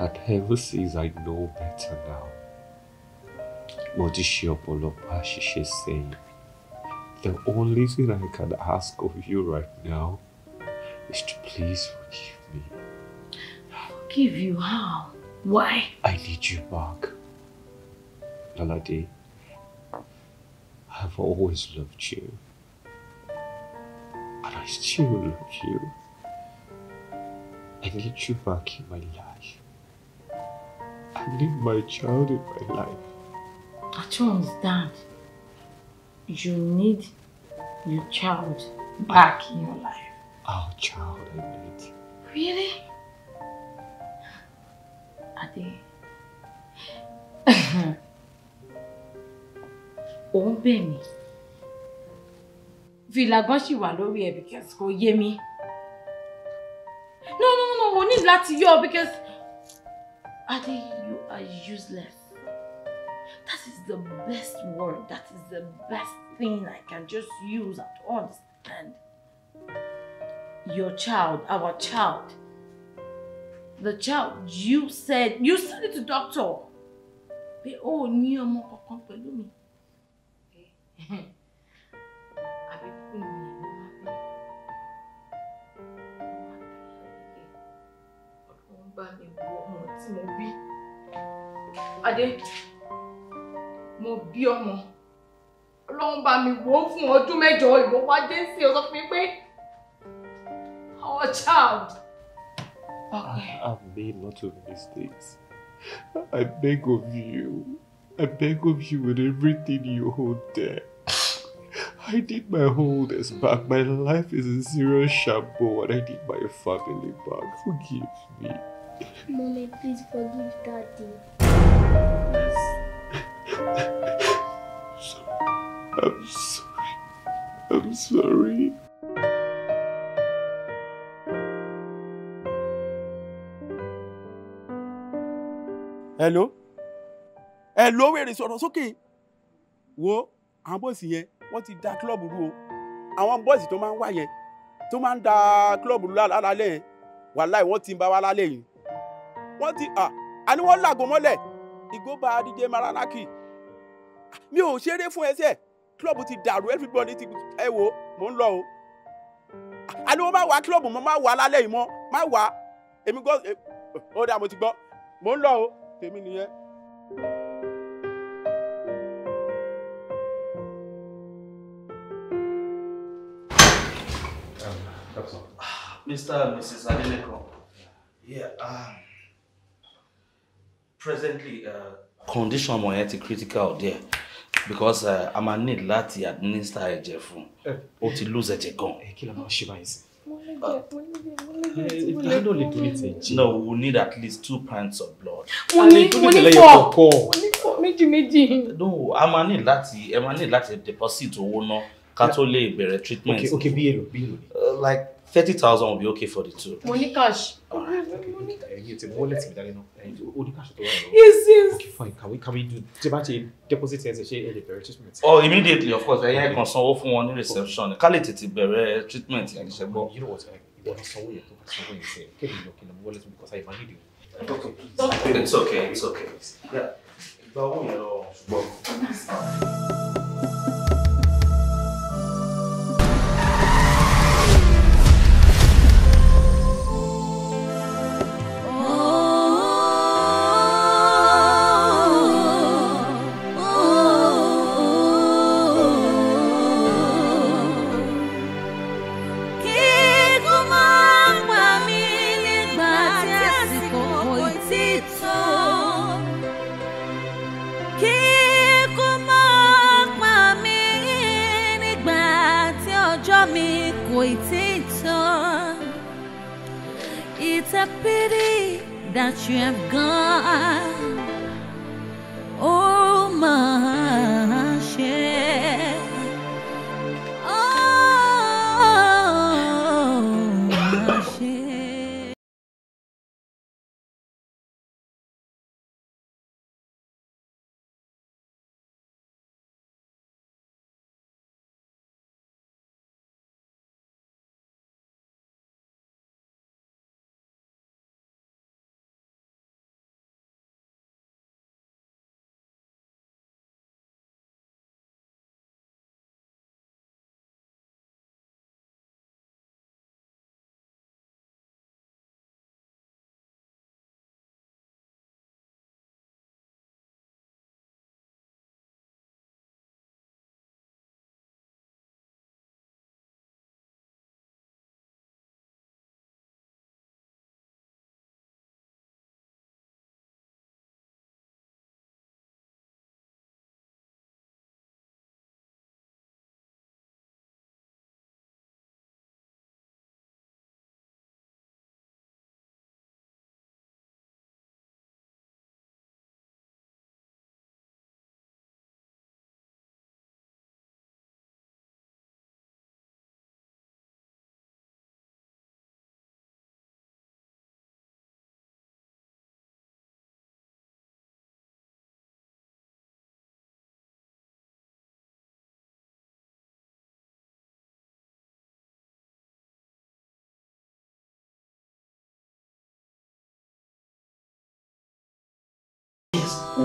and ever since I know better now The only thing I can ask of you right now is to please forgive me. Forgive you how? Why? I need you back. Lalade, I've always loved you. And I still love you. I need you back in my life. I need my child in my life cartoons understand. you need your child back in your life. Our child, I need. Really? Ade. do [LAUGHS] ń bẹ̀ mí. Fìlà gan ṣì wà because go yé mi. No, no, no, no, need that to you because Ade, you are useless that is the best word. That is the best thing I can just use at once. And your child, our child, the child you said, you said it to doctor. Pé o ní ọmọ kankan pẹ̀lú mi. [LAUGHS] Àbí kúkú ni èmi máa kuku ni ba Adé mo bí ọmọ bá mi wò fún ọdún mẹ́jọ ìwọ wá sí ọ sọ fún pé our child. Okay. I, have made lots of mistakes. I beg of you. I beg of you with everything you hold dear. I did my holders back. My life is in serious shambles and I did my family back. Forgive me. Mommy, please forgive daddy. I'm sorry. I'm sorry. Hello? Hello, wèrè sọ̀rọ̀ sókè. Wo àwọn What yẹn that ti da kílọ̀bù rú o. Àwọn bọ́ọ̀sì tó máa ń wá yẹn tó máa ń da kílọ̀bù rú lálẹ́ yẹn wàláì wọ́n ti ń bá wa I yìí. Wọ́n ti à ní wọ́n làgò mọ́lẹ̀ ìgò bá díje Maranaki mi ò ṣeré fún ẹsẹ̀ club ti dàrú everybody ti ẹ wo mò ń lọ o àní mo máa wá club mo máa wá lálẹ́ yìí mọ́ máa wá èmi gbọ́ ó dà mo ti gbọ́ mò ń lọ o tèmi nìyẹn. Mr. and Mrs. Adeleko, yeah, um, presently uh, condition mo yẹn ti critical there because uh, a máa need láti administer ẹ̀jẹ̀ fún eh. ó ti lose ẹ̀jẹ̀ gan. ẹ eh, kí ló máa ṣe báyìí sí. No, we need at least two pints of blood. Mo ní mo ní fọ mo ní fọ méjì méjì. No, a máa need láti ẹ máa need láti deposit owó náà ká tó lè bẹ̀rẹ̀ treatment. Okay, okay, bí èrò bí èrò. Uh, like thirty thousand will be okay for the two. Mo Mo ní cash iye tí mo wọlé tì mí dání náà ó ní yes yes. okay fine can we can we do tí bá ti deposit yẹn ti ṣe ẹ lè treatment. oh immediately of course I ìkan consult fún one reception Quality lè tètè treatment you know what eh, ìwọ ni sanwó yẹn tó bá sanwó yẹn ṣe kébì lọ kí ni mo wọlé because I value you. it's okay it's okay. Yeah. owó yẹn lọ ṣùgbọ́n.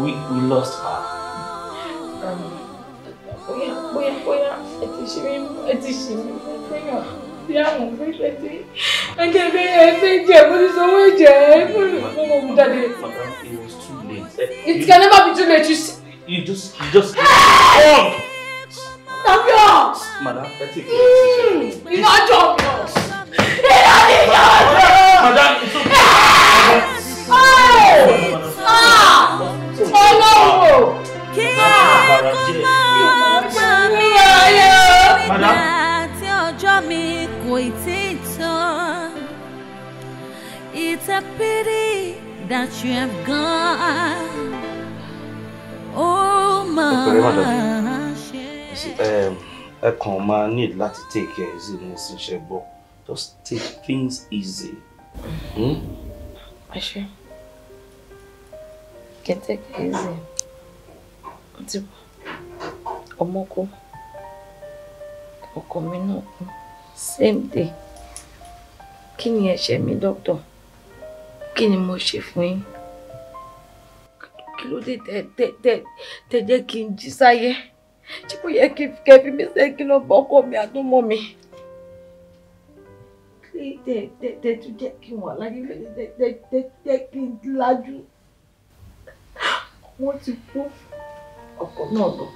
we we lost her. bóyá it was too late. it can never be too late you see. you just you just. Champion! Madam, let's it. You're not champion! You're not champion! Madam, ọlọ́wọ́ kí ẹ̀kọ́ máa gbà mí nígbà tí ọjọ́ mi kò tí ì tán. It's a pity that you have gone. Oh my shame. Ẹ kàn máa need láti take care easy ní ìsinṣẹ́ gbọ́. Just take things easy. Hmm? Ẹ ṣe. Hmm? kẹtẹkẹ ẹsẹ ti wà ọmọ kú ọkọ mi náà kú same day kí ni ẹ̀ṣẹ̀ e mi dókítà kí ni mo ṣe fún yín kí ló dé tẹ tẹ tẹ tẹ jẹ́ kí n jí sáyé tí kò yẹ kí kẹ fi mí sẹ kí lọ bọ ọkọ mi àtọmọ mi tẹ tẹ tẹ tún jẹ́ kí n wà láyé tẹ tẹ tẹ tẹ kí n lajú wọ́n ti kú ọ̀pọ̀ náà lọ.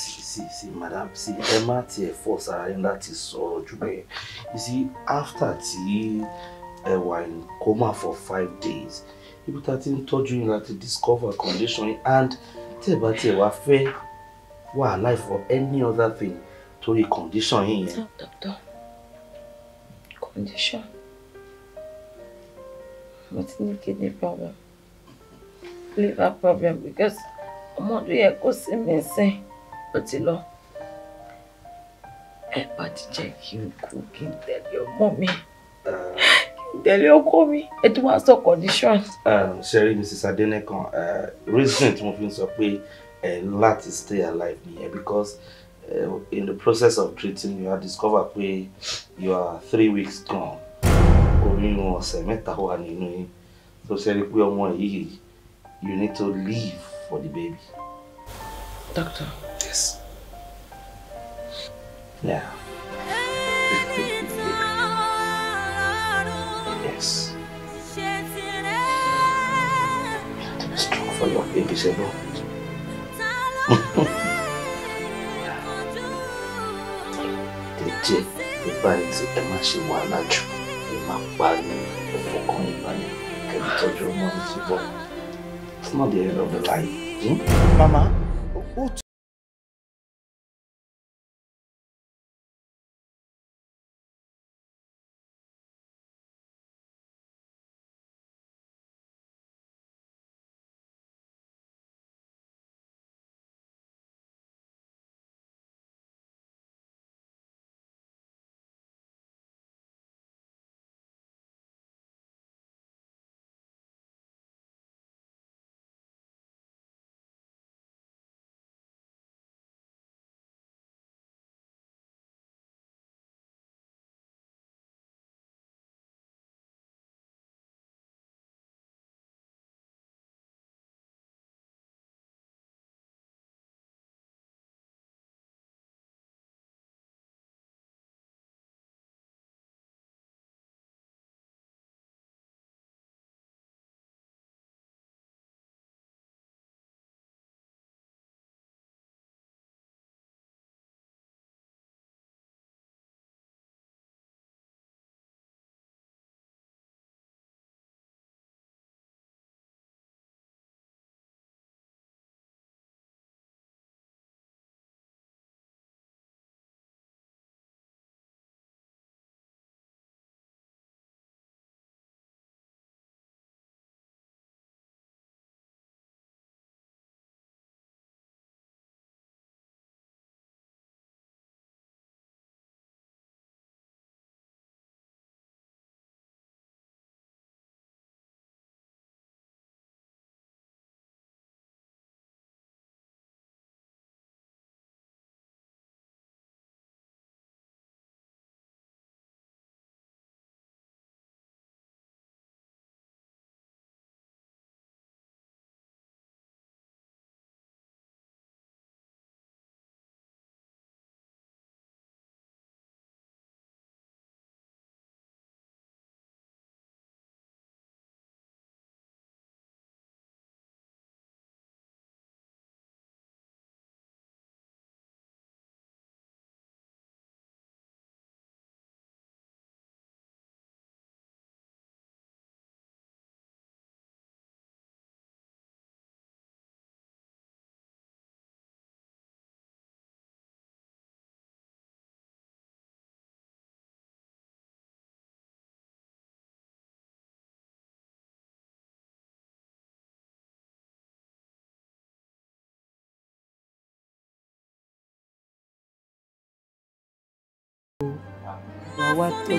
sí sí sí madam sí ẹ má tiẹ̀ fọ́ sára yín láti sọ̀rọ̀ jù bẹ́ẹ̀ you see after tí ẹ wà in coma for five days ibi tá a ti ń tọ́jú yín láti discover condition and tí ẹ bá tiẹ̀ wá fẹ́ wàhálà for any other thing torí condition yín yẹn. doctor condition mo ti ní kidney problem liver problem because ọmọ tó yẹ kó sí mi sìn ó ti lọ ẹ bá ti jẹ́ kí n kú kí n tẹ̀lé ọmọ mi kí n tẹ̀lé ọkọ mi ẹ tún wá sọ condition. sẹ́rí um, mrs adenekan uh, reason tí mo fi ń sọ pé ẹ láti stay alive nìyẹn because uh, in the process of treating you are discover pé you are three weeks gone oyún ọ̀sẹ̀ mẹ́ta wà nínú yín tó ṣe rí pé ọmọ yìí You need to leave for the baby. Doctor. Yes. Yeah. yes. You have to be strong for your baby, Sebo. Jẹ́ nípa ètò ẹ má ṣe wàhálà jù, ẹ má parí ẹ̀fọ́ kan ìbálẹ̀ kẹ́mi tọ́jú ọmọ mi ti bọ̀. It's not the end of the line. Hmm? Mama, mi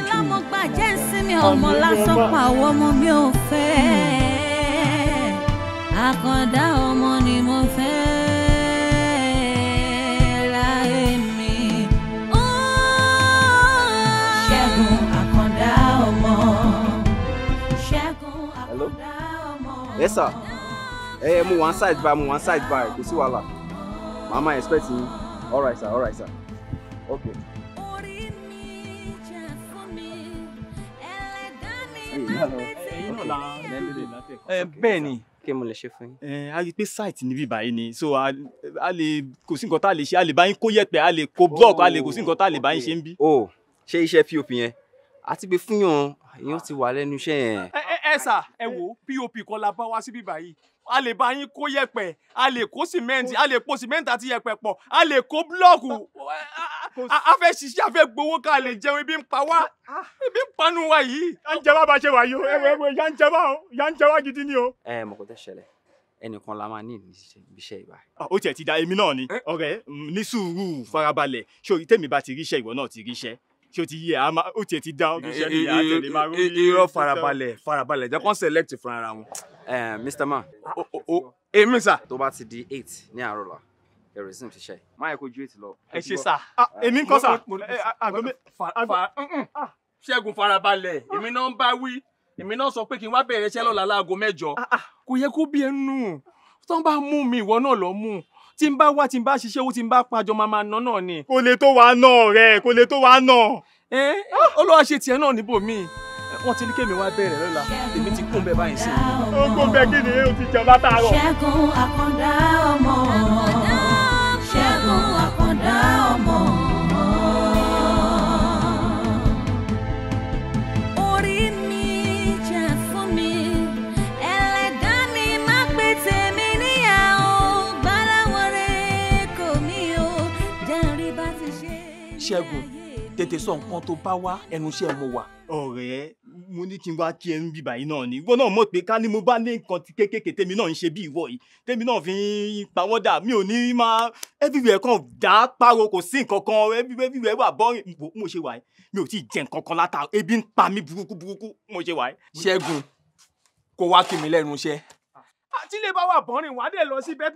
ìsinmi ọmọ lásán pa àwọn ọmọ mi ò fẹ́ àkàndá ọmọ ni mo fẹ́ yes sir ẹ ẹ mú one side bá mú one side bá ẹ kò sí wàhálà màmá expect yín all right sir all right sir okay. ẹ̀yin náà la lẹ́lẹ́lẹ́ kí mo lè ṣe fún yín. a rí pé site níbí báyìí ni so a lè kò sí nǹkan tá a lè ṣe a lè bá yín kó yẹ̀pẹ̀ a lè kó oh, block a lè kò sí nǹkan tá a lè bá yín ṣe ń bí. Oh, o ṣe iṣẹ́ pop yẹn àti pé fúnyàn èèyàn ti wà lẹ́nu iṣẹ́ yẹn. ẹ ẹ sà ẹ wo pop kọ́ la bá wá síbí báyìí a lè bá yín kó yẹ̀pẹ̀ a lè kó sìmẹ́ǹtì a lè po sìmẹ́ǹtì àti yẹ̀pẹ̀ pọ̀ a lè kó búlọ́ọ̀kù a fẹ́ ṣiṣẹ́ a fẹ́ gbowó ká lè jẹun ibi ń pa wá ibi ah. ń panu wa yìí. yà ń jẹba bá ṣe wà yìí o ẹwẹ ẹwẹ yà ń jẹba o yà ń jẹba gidi ni o. ẹ mọ̀ kó tẹ́ ṣẹlẹ̀ ẹnìkan la máa ní ìníṣẹ́ ìbá. Ah, ó tiẹ̀ ti da èmi náà ni ọ̀rẹ́ mm, ní sùúrù farabalẹ̀ ṣé orí tèmi bá ti ríṣẹ́ ìwọ náà ti ríṣẹ́ ṣé o ti yẹ àmà ó tiẹ̀ ti da ọ́ bí iṣẹ́ ni ìyá àtẹ̀lé máa rú. irọ́ farabalẹ̀ farabalẹ̀ jẹ́ kó ń select wọn Mr. Man. Èmi sà. Tó bá ti di eight ní àárọ̀ la, ẹ̀rọ ìsìn ti ṣe. Má yẹ kó ju eight lọ. Ẹ ṣe sà. Ah, ah, èmi ń kọ́ sà. Àgọ́mẹ́ fà. Ṣẹ́gun farabalẹ̀, èmi náà ń bá wí. Èmi náà sọ pé kí n wá bẹ̀rẹ̀ iṣẹ́ lọ́la láago mẹ́jọ. Ah, kò yẹ kó bí ẹnu. Tó ń bá mú mi, ìwọ náà lọ mú tí n bá wá tí n bá ṣiṣẹ́ owó tí n bá pàjọ máa máa ná náà ni. kò lè tó wàá náà rẹ kò lè tó wàá náà. ẹ eh, eh, Olúwa ṣe tiẹ̀ náà níbòmíì wọ́n ti ní kémi wá bẹ̀rẹ̀ lọ́la èmi ti kún bẹ́ẹ̀ báyìí sí. ó kún bẹ́ẹ̀ kí ni o ti jẹun látàárọ̀. ṣẹ́gun àkàndá ọmọ ṣẹ́gun àkàndá ọmọ. orí mi jẹ́ fún mi ẹlẹ́dá mi má pè tèmi níyàwó báláwọ̀rẹ́ kò mí o jẹ́rìí bá ti ṣe. ṣẹ́gun tètè sọ nǹkan tó bá wá ẹnu iṣẹ́ mo wà. ọ̀rẹ́ mo ní kí n wá kí ẹnu bíbá yìí náà ni ìwọ náà mọ̀ pé ká ní mo bá ní nǹkan kékèké tèmi náà ń ṣe bí ìwọ yìí tèmi náà fi ń pawọ́ dà mi ò ní máa everywhere kan dá páro kò sí nǹkan kan everywhere wà bọ́rìn mo mo ṣe wà yìí mi ò tí ì jẹ nǹkan kan látà ebi ń pa mí burúkú burúkú mo ṣe wà yìí. ṣẹ́gun kó wá kí mi lẹ́nu iṣẹ́ tílé bá wà bọ́rìn wà á dẹ̀ lọ sí bet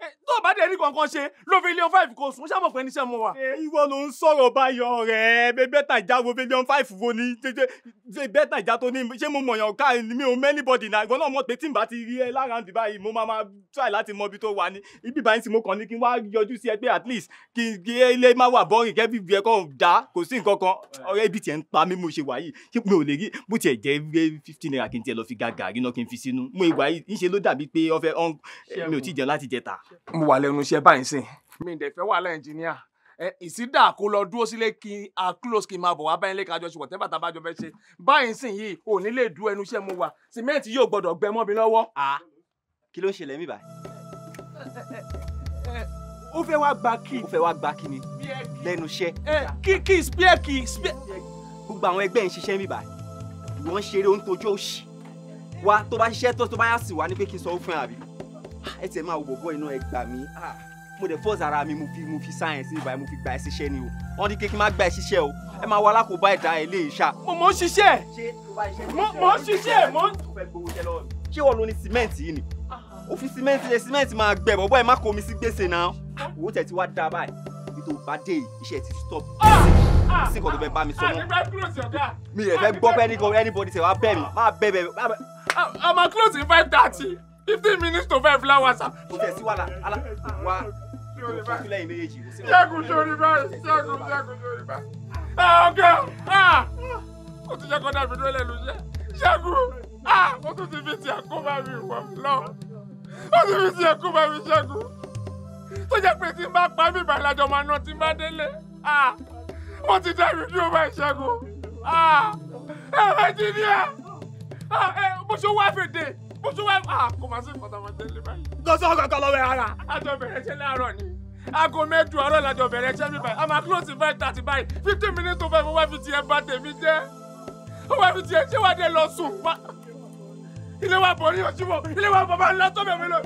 Eh, tó o bá dé ní kankan ṣe ló fi million five kò sùn ṣàmọ̀ pé níṣẹ́ mo wà. Eh, ìwọ ló ń sọ̀rọ̀ báyọ̀ rẹ̀ bẹ́tà já wo million five wo ni bẹ́tà já tó ní ṣé mo mọ̀yàn ká mi ò mẹ́ anybody náà ìwọ náà mọ̀ pé tí n bá ti rí ẹ lára ǹdí báyìí mo máa try láti mọ ibi tó wà ní ibi báyìí tí mo kàn ní kí n wá yọjú sí ẹ pé at least kí ilé má wà bọ́rìn kẹ́bí ibi ẹ̀kọ́ dá kò sí nǹkan kan ọ̀rẹ́ ibi tiẹ̀ ń pa mí mo ṣe wà yìí ṣé mi ò lè rí bó tiẹ̀ jẹ́ fifteen naira kí n tiẹ̀ lọ fi ga gàrí náà kí n fi sínú mo ìwà yìí ń ṣe ló dàbí pé ọ fẹ́ mi ò tí jẹun láti jẹta mo wà lẹ́nu iṣẹ́ báyìí sìn mi ì dẹ̀ fẹ́ wàhálà ẹnjìníà ìsídà kó lọ dúró sílé kí a close kí n máa bọ̀ wá báyìí lé kájọ ṣùgbọ́n tẹ́ bàtà bájọ fẹ́ ṣe báyìí sìn yìí ò ní lè dú ẹnu iṣẹ́ mo wà sìmẹ́ǹtì yóò gbọ́dọ̀ gbẹ mọ́ mi lọ́wọ́. a kí ló ń ṣẹlẹ̀ mí báyìí. ó fẹ́ wá gba kí. ó fẹ́ wá gba kí ni lẹ́nu iṣẹ́. kí kí spare kí. gbogbo àwọn ẹgbẹ́ ń ṣiṣẹ́ mí báyìí wọ́n ṣeré oúnjẹ ojú òṣì wa tó bá ṣiṣẹ́ tó tó bá yà sí wa ní pé kí n sọ fún ẹ àbí ẹ tiẹ̀ máa wò bọ́ iná ẹ gbà mí ah, mo dẹ̀ fọ́ọ̀sì ara mi mo fi mo fi sáyẹ̀nsì ní mo fi gba ẹ ṣiṣẹ́ ni o wọ́n ní kékeré má gba ẹ ṣiṣẹ́ o ẹ máa wọ alákòóbá ẹ̀dá ẹ lè e ṣá. mo mọ̀ ń ṣiṣẹ́ mo ń ṣiṣẹ́ mo ń. ṣé wọn lo ni sìmẹ́ǹtì yìí ni ah. o fi sìmẹ́ǹtì lẹ sìmẹ́ǹtì máa gbẹ bọ́bọ́ ẹ má kó omi sí gbèsè náà ah. wò ó tẹ̀ tí wàá dá báyìí ibi tó bá dé iṣẹ́ ti stop sí nǹkan tó fẹ́ bá mi sọ mọ́ mi rẹ̀ fẹ́ gbọ́ anybody tẹ̀ wá bẹ́ẹ̀ mi má I'm a five thirty fifteen minutes to five flowers. kò tẹ̀ sí wàhálà ala wa ìpínlẹ̀ yìí méjèèjì. ṣẹ́gun sórí báyìí ṣẹ́gun ṣẹ́gun sórí báyìí. ọ̀gá ó ti jẹ́ kó dàbí dúró lẹ́nu iṣẹ́ ṣẹ́gun ó tún ti fi ti àkóbá mi wọ̀ lọ ó tún fi ti àkóbá mi ṣẹ́gun tó jẹ́ pé tí n bá pa mí ìbàlẹ̀ àjọ máa ná tí n bá délé wọ́n ti dàbí dúró báyìí ṣẹ́gun ẹ ẹ ti ní ẹ bó ṣe wá fèdè mo tún wá ah, kò máa sí ìfọ̀tàmọ̀tẹ́ lé báyìí. lọ́sọ̀ kankan lọ́wọ́ ara. àjọ bẹ̀rẹ̀ ṣẹ́ láàárọ̀ ni aago mẹ́jọ àárọ̀ làjọ bẹ̀rẹ̀ ṣẹ́ mi báyìí a máa close five thirty báyìí fifteen minutes to five wá fi tiẹ̀ bà tèmi jẹ́ wá fi tiẹ̀ ṣé wà dé lọ sùn ilé wa bọ̀ ní ojú bọ̀ ilé wa bàbá ńlá tó bẹ̀rẹ̀ lọ.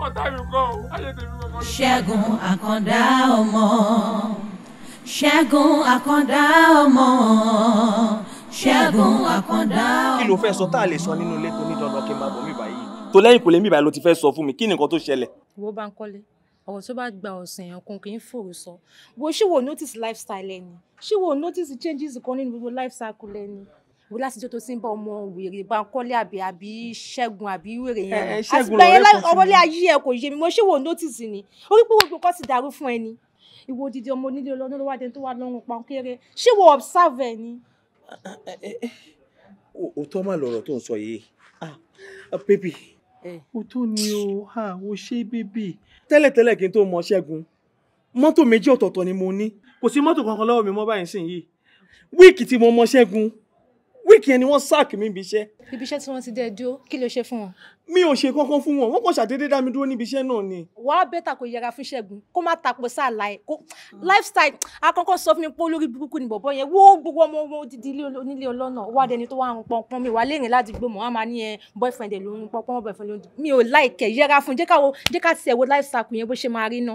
yọ̀ọ́ ṣẹ́gun àkàndá ọmọ ṣẹ́gun àkàndá ọmọ ṣẹ́gun àkàndá ọmọ. kí ló fẹ́ sọ tá a lè sọ nínú ilé tó ní dandan kí n máa bọ̀ mí báyìí tó lẹ́yìn kò lè mí báyìí ló ti fẹ́ sọ fún mi kí nìkan tó ṣẹlẹ̀. wo bá ń kọ́lé ọ̀rọ̀ tó bá gba ọ̀sìn èèyàn kan kì í fòrò sọ wo ṣé wo notice lifestyle ẹni ṣé wo notice changes kan nínú gbogbo life cycle ẹni wo láti tó tó sí ń bá ọmọ wèrè bá ń kọ́lé àbí àbí ṣẹ́gun àbí wèrè yẹn eh, eh, àti bẹ́ẹ̀ ọwọ́lé ayé ẹ kò yé mi mo ṣé wo notice ni orí pé gbogbo kan ti dàrú fún ẹni ìwọ odidi ọmọ onílé ọlọ́dún ló wá dẹni tó wà lọ́rùn pankéré ṣé wọ́n observe ẹ̀ ni. òótọ́ mà lọ̀rọ̀ tó ń sọ yìí ah, ah, bébì òótọ́ ni o ò ṣe bébì tẹ́lẹ̀tẹ́lẹ̀ kí n tó mọ ṣẹ́gun mọ́tò méjì ọ̀tọ̀ọ̀tọ̀ ni mo ní kò sí mọ́tò kankan lọ́wọ́ mi mọ́ báyìí sìn yìí wíìkì tí mo mọ ṣẹ́gun wíìkì yẹn ni wọ́n sáàkì mi ibi iṣẹ́ ibi iṣẹ́ tí wọ́n ti dẹ́ dúró kí ló ṣe fún wọn. mi ò ṣe kankan fún wọn wọn kàn ṣàdédé dá mi dúró níbi iṣẹ́ náà ni. wàá bẹ́tà kó yẹra fún ṣẹ́gun kó má tapo sáàlà ẹ̀ kó lifestyle akọ́kọ́ sọ fún mi pé olórí burúkú ni bọ̀bọ̀ yẹn wó gbogbo ọmọ ọmọ odidi onílé ọlọ́nà wà dẹni tó wà ń pọnpọn mi wà lẹ́rìn láti gbó mọ́ àmà ní ẹ boyfriend ẹ̀ ló ń pọnpọn boyfriend ló ń mi ò láìkẹ̀ yẹra fún jẹ́ káwọ jẹ́ ká tiẹ̀ wo lifestyle yẹn bó ṣe máa rí ná.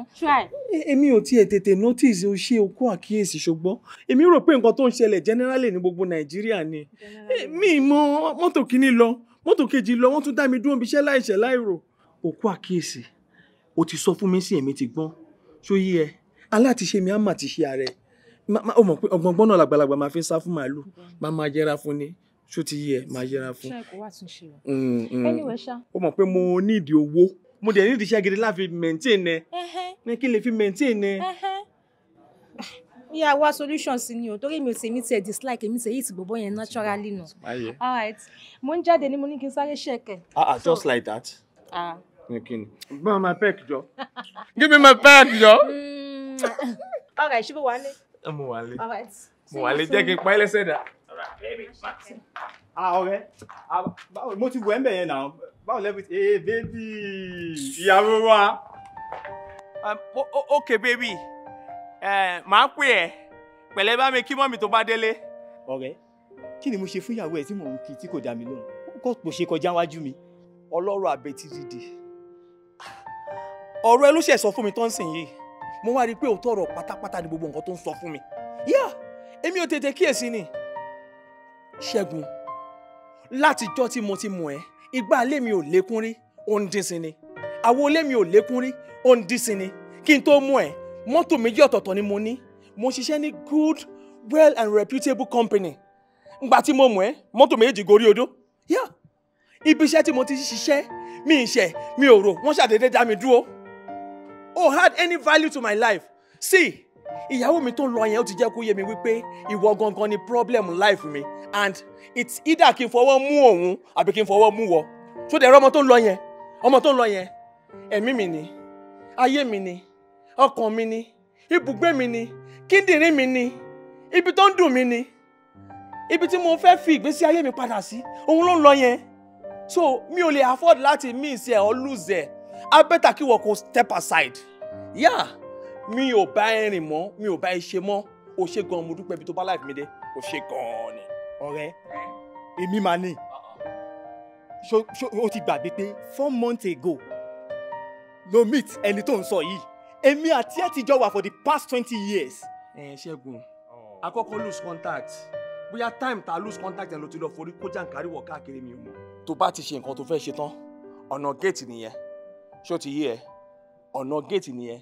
èmi ò tiẹ̀ tètè notice o ṣe generally ní gbogbo Nàìjíríà mi mọ mọ́tò mọ́tò kìíní lọ mọ́tò kejì lọ wọ́n tún dá mi dúró ibi iṣẹ́ láìṣẹ̀ láìrò. òkú àkíyèsí o ti sọ fún mi sí èmi ti gbọ́n ṣó yí ẹ aláàtìṣe mi á mà ti ṣe ààrẹ ó mọ̀ pé ọgbọ̀ngbọ́n náà làgbàlagbà máa fi ń sá fún màálù máa máa yẹra fún ni ṣó ti yí ẹ máa yẹra fún. ó mọ̀ pé mo nídìí owó mo dẹ̀ nídìí iṣẹ́ gidi láfi maintain ẹ kí n lè fi maintain Yeah, wá solution sí ni o torí mi ò tèmi tiẹ̀ dislike èmi tẹ̀ yìí ti bọ̀bọ̀ yẹn naturally nù. all right mo ń jáde ni mo ní kí n sáré ah, ah just like that. ah. kí ni my pack jo. [LAUGHS] give me my pack jo. Mm. all right ṣé mo wà lé. ẹ mo wale. lé mo wà lé jẹ́ kí n pa ẹ́ lẹ́sẹ̀ ah ọ̀rẹ́ ah, mo ti embe ń bẹ̀ yẹn náà báwo lẹ́bi ee eh, bébì ìyàwó wa. Um, okay baby ẹ eh, màá pè ẹ pẹ̀lẹ́ bá mi kí mọ́mì tó bá délé. ọ̀rẹ́ kí ni mo ṣe fún ìyàwó ẹ tí mò ń kí tí kò dá mi lóhùn kó kò ṣe kọjá wájú mi ọlọ́rọ̀ àbẹ̀tí dìde ọ̀rọ̀ ẹ ló ṣe sọ fún mi tó ń sìn yìí mo wá rí i pé òótọ́ ọ̀rọ̀ pátápátá ni gbogbo nǹkan tó ń sọ fún mi yá èmi ò tètè kíyèsí ni ṣẹ́gun látijọ́ tí mo ti mọ̀ ẹ́ igbá ilé mi ò lékún rí ó ń dín sí ni àwo ilé mi ò lékún rí ó ń dín sí ni kí n tó mú ẹ mọ́tò méjì ọ̀tọ̀ọ̀tọ̀ ni mo ní mo ṣiṣẹ́ ní good well and reputable company ngbà tí mo mọ̀ ẹ́ mọ́tò méjì gorí odó yá ibi iṣẹ́ tí mo ti ṣiṣẹ́ mi ì ṣẹ̀ mi ò rò wọ́n ṣàdédé dá mi dúró oh had any value to my life see ìyàwó mi tó ń lọ yẹn ó ti jẹ́ kó yé mi wípé ìwọ gangan ni problem life mi and it's either kí n fọwọ́ mú òun àbí kí n fọwọ́ mú wọ tó dẹ̀ rọ ọmọ tó ń lọ yẹn ọmọ tó ń lọ yẹn ẹ̀mí mi ni ayé mi ni ọkàn mi ni ibùgbé mi ni kíndìnrín mi ni ibi tó ń dùn mí ni ibi tí mo fẹ́ fi ìgbésí ayé mi padà sí òun ló ń lọ yẹn so mi ò lè afford láti miss ẹ or lose ẹ a better kí wọ́n kó step aside yá yeah. mi ò bá ẹ rìn mọ́ mi ò bá ẹ ṣe mọ́ o ṣe gan-an mo dúpẹ́ ibi tó bá life mi dé o ṣe gan-an ni. ọ̀rẹ́ èmi máa ní o ti gbàgbé pé four months ago lo meet ẹni tó ń sọ yìí èmi àti ẹ ti jọ wà for the past twenty years. ẹ ẹ ṣẹ́gun àkọ́kọ́ lose contact bóyá time ta lose contact ẹ̀ ló ti lọ forí kó jàǹkárí wọ̀ káàkiri mi mọ̀. tó bá ti ṣe nǹkan tó fẹ́ ṣe tán ọ̀nà géètì nìyẹn ṣé o ti yé ẹ ọ̀nà géètì nìyẹn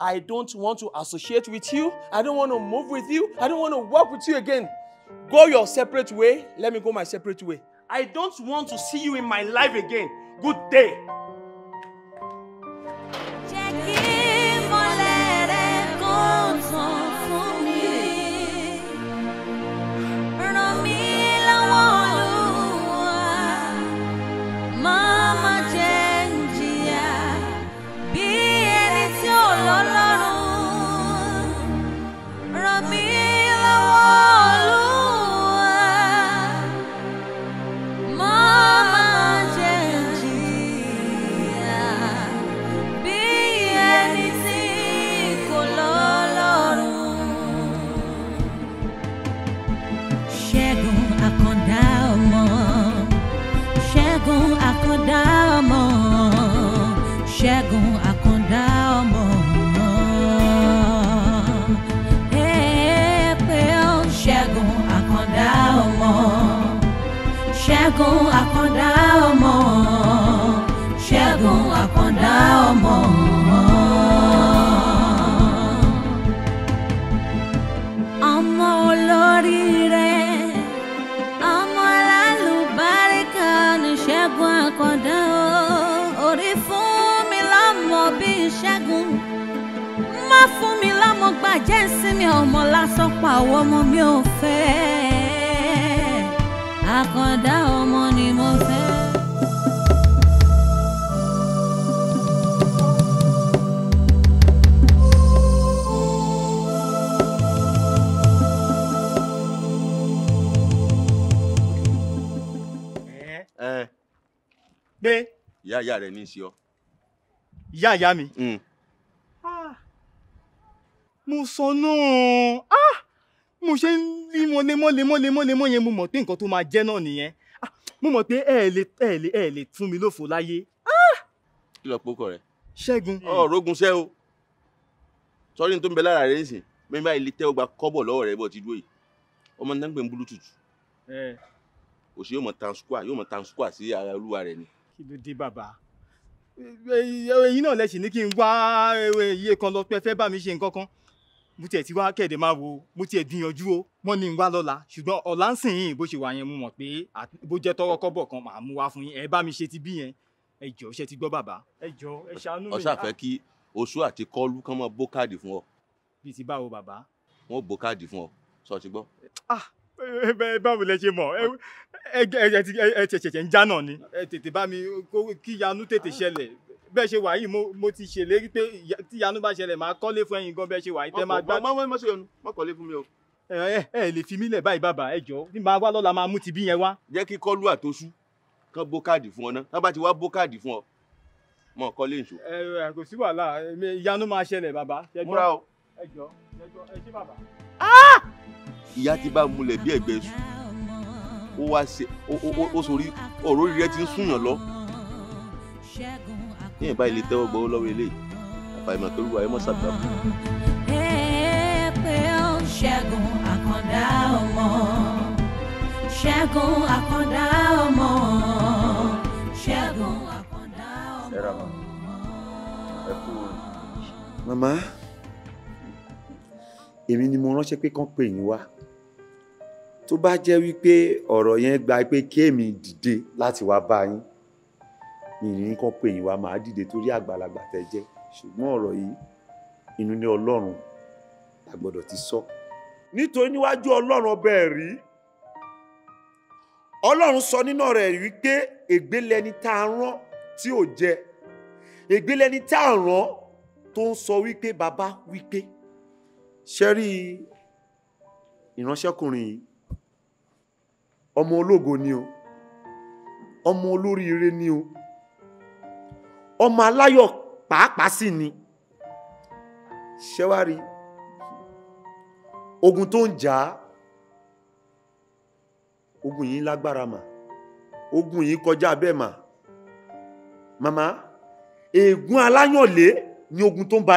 I don't want to associate with you I don't want to move with you I don't want to work with you again go your separate way let me go my separate way I don't want to see you in my life again good day. bí ìṣẹ́gun má fún mi lámọ̀gbà jẹ́ ìsinmi ọmọ lásán pa àwọn ọmọ mi ò fẹ́ àkàndá ọmọ ni mo fẹ́. gbé ìyá ìyá rẹ ní í ṣe ọ ìyá ìyá mi mm. ah, mo sọ náà ah, mo ṣe ń rí wọn lemọ́lemọ́lemọ́lemọ́ yẹn mo mọ̀ pé nǹkan tó máa jẹ́ náà nìyẹn ah, mo mọ̀ pé ẹ lè ẹ lè ẹ lè fún mi lófo láyé. kí ló pokọ rẹ. ṣẹ́gun. ọ rogun ṣẹ́ o sọ́rí ní tó ń bẹ lára rẹ̀ nísìn bẹ́ẹ̀ báyìí lè tẹ́ ọgbà kọ́bọ̀ lọ́wọ́ rẹ̀ bọ̀ ti dúró yìí ọmọ náà ń gbẹ̀ ń búlútùtù. òṣì yóò mọ̀ tan square yóò mọ̀ tan square sí ara olúwa rẹ̀ ni. kí ló dé bàbá ẹ̀yin náà lẹ́sìn ní kí n wá iye kan lọ pé fẹ́ bá mi ṣe nǹkan kan mo tiẹ̀ ti wá kẹ̀dẹ̀ máa wo mo tiẹ̀ gbìyànjú o wọ́n ní n wá lọ́la ṣùgbọ́n ọ̀la ń sìn yín bó ṣe wà yẹn mo mọ̀ pé bó jẹ́ tọ́wọ́ kọ́bọ̀ kan màá mú wá fún yín ẹ bá mi ṣe ti bí yẹn ẹ jọ̀ọ́ ṣe ti gbọ́ bàbá ẹ jọ̀ọ́ ẹ ṣàánú mi. ó ṣàfẹ́ kí oṣù àti kọ́lù kán máa bó káàdì fún ọ. bíi ti báwo bàbá. wọn bó káàdì fún ọ sọ ti gbọ́. ah báwo lẹ ṣe mọ̀ ẹ tẹ̀tẹ̀ ń jánà ni ẹ tètè bá mi kí yanu tètè ṣẹlẹ̀ bẹ́ẹ̀ ṣe wà yìí mo ti ṣèlérí pé tí yanu bá ṣẹlẹ̀ máa kọ́lé fún ẹ̀yin gan bẹ́ẹ̀ ṣe wà yìí tẹ́ máa gbá. mọ mọ ṣe yọnu mọ kọ́lé fún mi o. ẹ ẹ lè fi mí lẹ̀ báyìí bàbá ẹ jọ̀ọ́ bí máa wá lọ́la máa mú ti bí yẹn wá. jẹ́ kí kọ́lù àtọ́sú kán bó káàdì fún ọ ná tán bá ti wá bó káàdì fún ọ mọ kọ́ lè ṣó. ẹ kò sí wàhálà ìyanu máa ṣẹlẹ̀ bàbá. múra o. ẹ jọ̀ọ́ ẹ jọ̀ọ́ ẹ ṣé bàbá ìyá ti bá múlẹ̀ bí ẹ̀gbẹ́ sùn ó wá ṣe ó sori ọ̀rọ̀ orí rẹ ti ń súnyàn lọ. ní ìbá ilé tẹ́wọ́ gbọ́ lọ́wọ́ eléyìí àfàìmọ̀ pẹ̀lú ayé mọ́ sàgbà. pé ó ṣẹ́gun àkàndá ọmọ ṣẹ́gun àkàndá ọmọ ṣẹ́gun àkàndá ọmọ. màmá èmi ni mo ránṣẹ́ pé kán pè yín wá tó bá jẹ́ wípé ọ̀rọ̀ yẹn gba pé kéèmí dìde láti wá bá yín mi ní kàn pé yín wá máa dìde torí àgbàlagbà tẹ́ jẹ́ ṣùgbọ́n ọ̀rọ̀ yìí inú ní ọlọ́run la gbọ́dọ̀ ti sọ. nítorí níwájú ọlọ́run ọbẹ̀ rí ọlọ́run sọ nínú rẹ̀ wípé ègbé tá a rán tí ò jẹ ègbé tá a rán tó ń sọ wípé bàbá wípé ṣẹ́rí ìránṣẹ́kùnrin yìí ọmọ ológo ni o ọmọ olóríire ni o ọmọ aláyọ̀ pàápàá sì ni ṣẹ́wárí ogun tó ń jà á ogun yìí lágbára mà ogun yìí kọjá bẹ́ẹ̀ mà màmá ègún aláyànlé ni ogun tó ń bá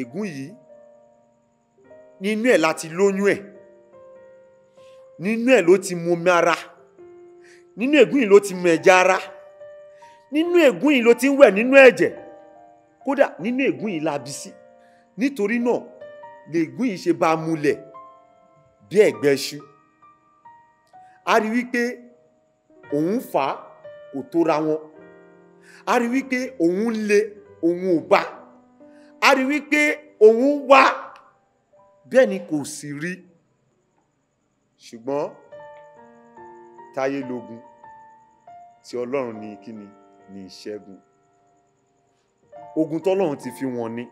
ègún yìí nínú ẹ̀ láti lóyún ẹ̀ nínú ẹ̀ ló ti mu omi ara nínú ègún yìí ló ti mu ẹ̀jẹ̀ ara nínú ègún yìí ló ti ń wẹ̀ nínú ẹ̀jẹ̀ kódà nínú ègún yìí la bí sí nítorí náà lègún yìí ṣe bá a mulẹ̀ bí ẹ̀gbẹ́ ṣu a rí wípé òun fà á kò tóra wọn a rí wípé òun le òun ò bá a rí wípé òun wá bẹ́ẹ̀ kò sì rí i ṣùgbọ́n táyé lógun tí ọlọ́run ní kíni ní ìṣẹ́gun ogun tọ́lọ́run ti fi wọn ní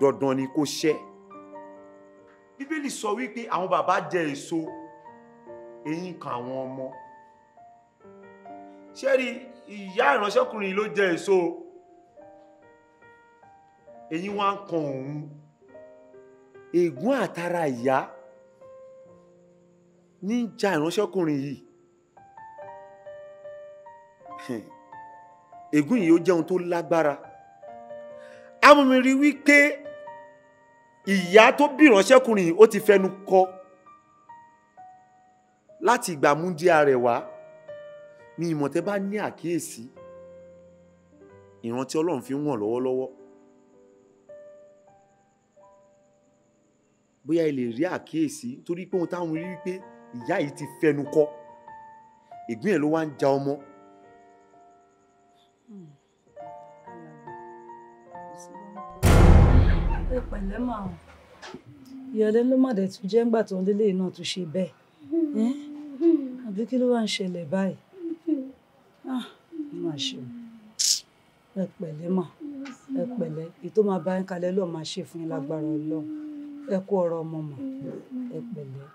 dandan ni kó ṣẹ́ bíbélì sọ wípé àwọn bàbá jẹ èso eyín kan àwọn ọmọ ṣé ìyá ìránṣẹ́kùnrin ló jẹ èso eyín wá kan òun ègún àtara ìyá ní ja ìránṣẹ́kùnrin yìí ègún yìí ó jẹ́ ohun tó lágbára amúmiri wípé ìyá tó bí ìránṣẹ́kùnrin yìí ó ti fẹnu kọ láti ìgbà múndíá rẹ̀ wá mi ìmọ̀tẹ́ bá ní àkíyèsí ìrántí ọlọ́run fi ń wọ̀n lọ́wọ́lọ́wọ́ bóyá ẹ lè rí àkíyèsí torí pé ohun táwọn rí wípé ìyá yìí ti fẹnu kọ ìgbín ẹ̀ ló wá ń ja ọmọ. ẹ pẹ̀lẹ́ mà ọ́ ìyọ̀lẹ́ ló má dẹ̀ tún jẹ́ ńgbà tó ń délé náà tún ṣe bẹ́ẹ̀ àbí kí ló wá ń ṣẹlẹ̀ báyìí ah, má ṣe ẹ pẹ̀lẹ́ mà ẹ pẹ̀lẹ́ ètò máa bá ń kalẹ̀ lọ́ọ́ máa ṣe fún yín lágbára ọlọ́run ẹ kú ọ̀rọ̀ ọmọ mà ẹ pẹ̀lẹ́.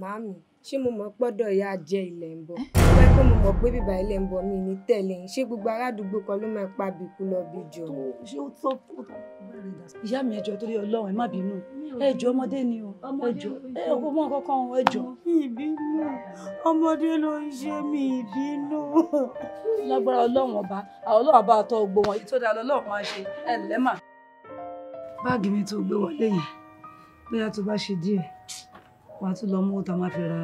màámi ṣé mo mọ̀ pọ́dọ̀ ya jẹ ilẹ̀ ń bọ̀ wáyé pé mo mọ̀ pé bíbá ilẹ̀ ń bọ̀ mi ní tẹ̀lé ń ṣé gbogbo arádùúgbò kan ló máa pa bìkú lọ bí jọ. ṣé ó tó tó tó bẹ̀rẹ̀ dà sí. ìyá mi ẹjọ́ torí Ọlọ́run ẹ má bínú ẹjọ́ ọmọdé ni o ẹjọ́ ẹ kò mọ kankan o ẹjọ́. ìbínú ọmọdé ló ń ṣe mí ìbínú. [LAUGHS] lágbára Ọlọ́run ọba àwọn Ọlọ́run ọba àtọ ògbó wọn tó dáa lọ́lọ́run máa ṣe ẹ lẹ́mà. báàgì mi tó gbé wọlé yìí bóyá tó bá ṣe díẹ̀ wà á tún lọ mú tá a máa fi ra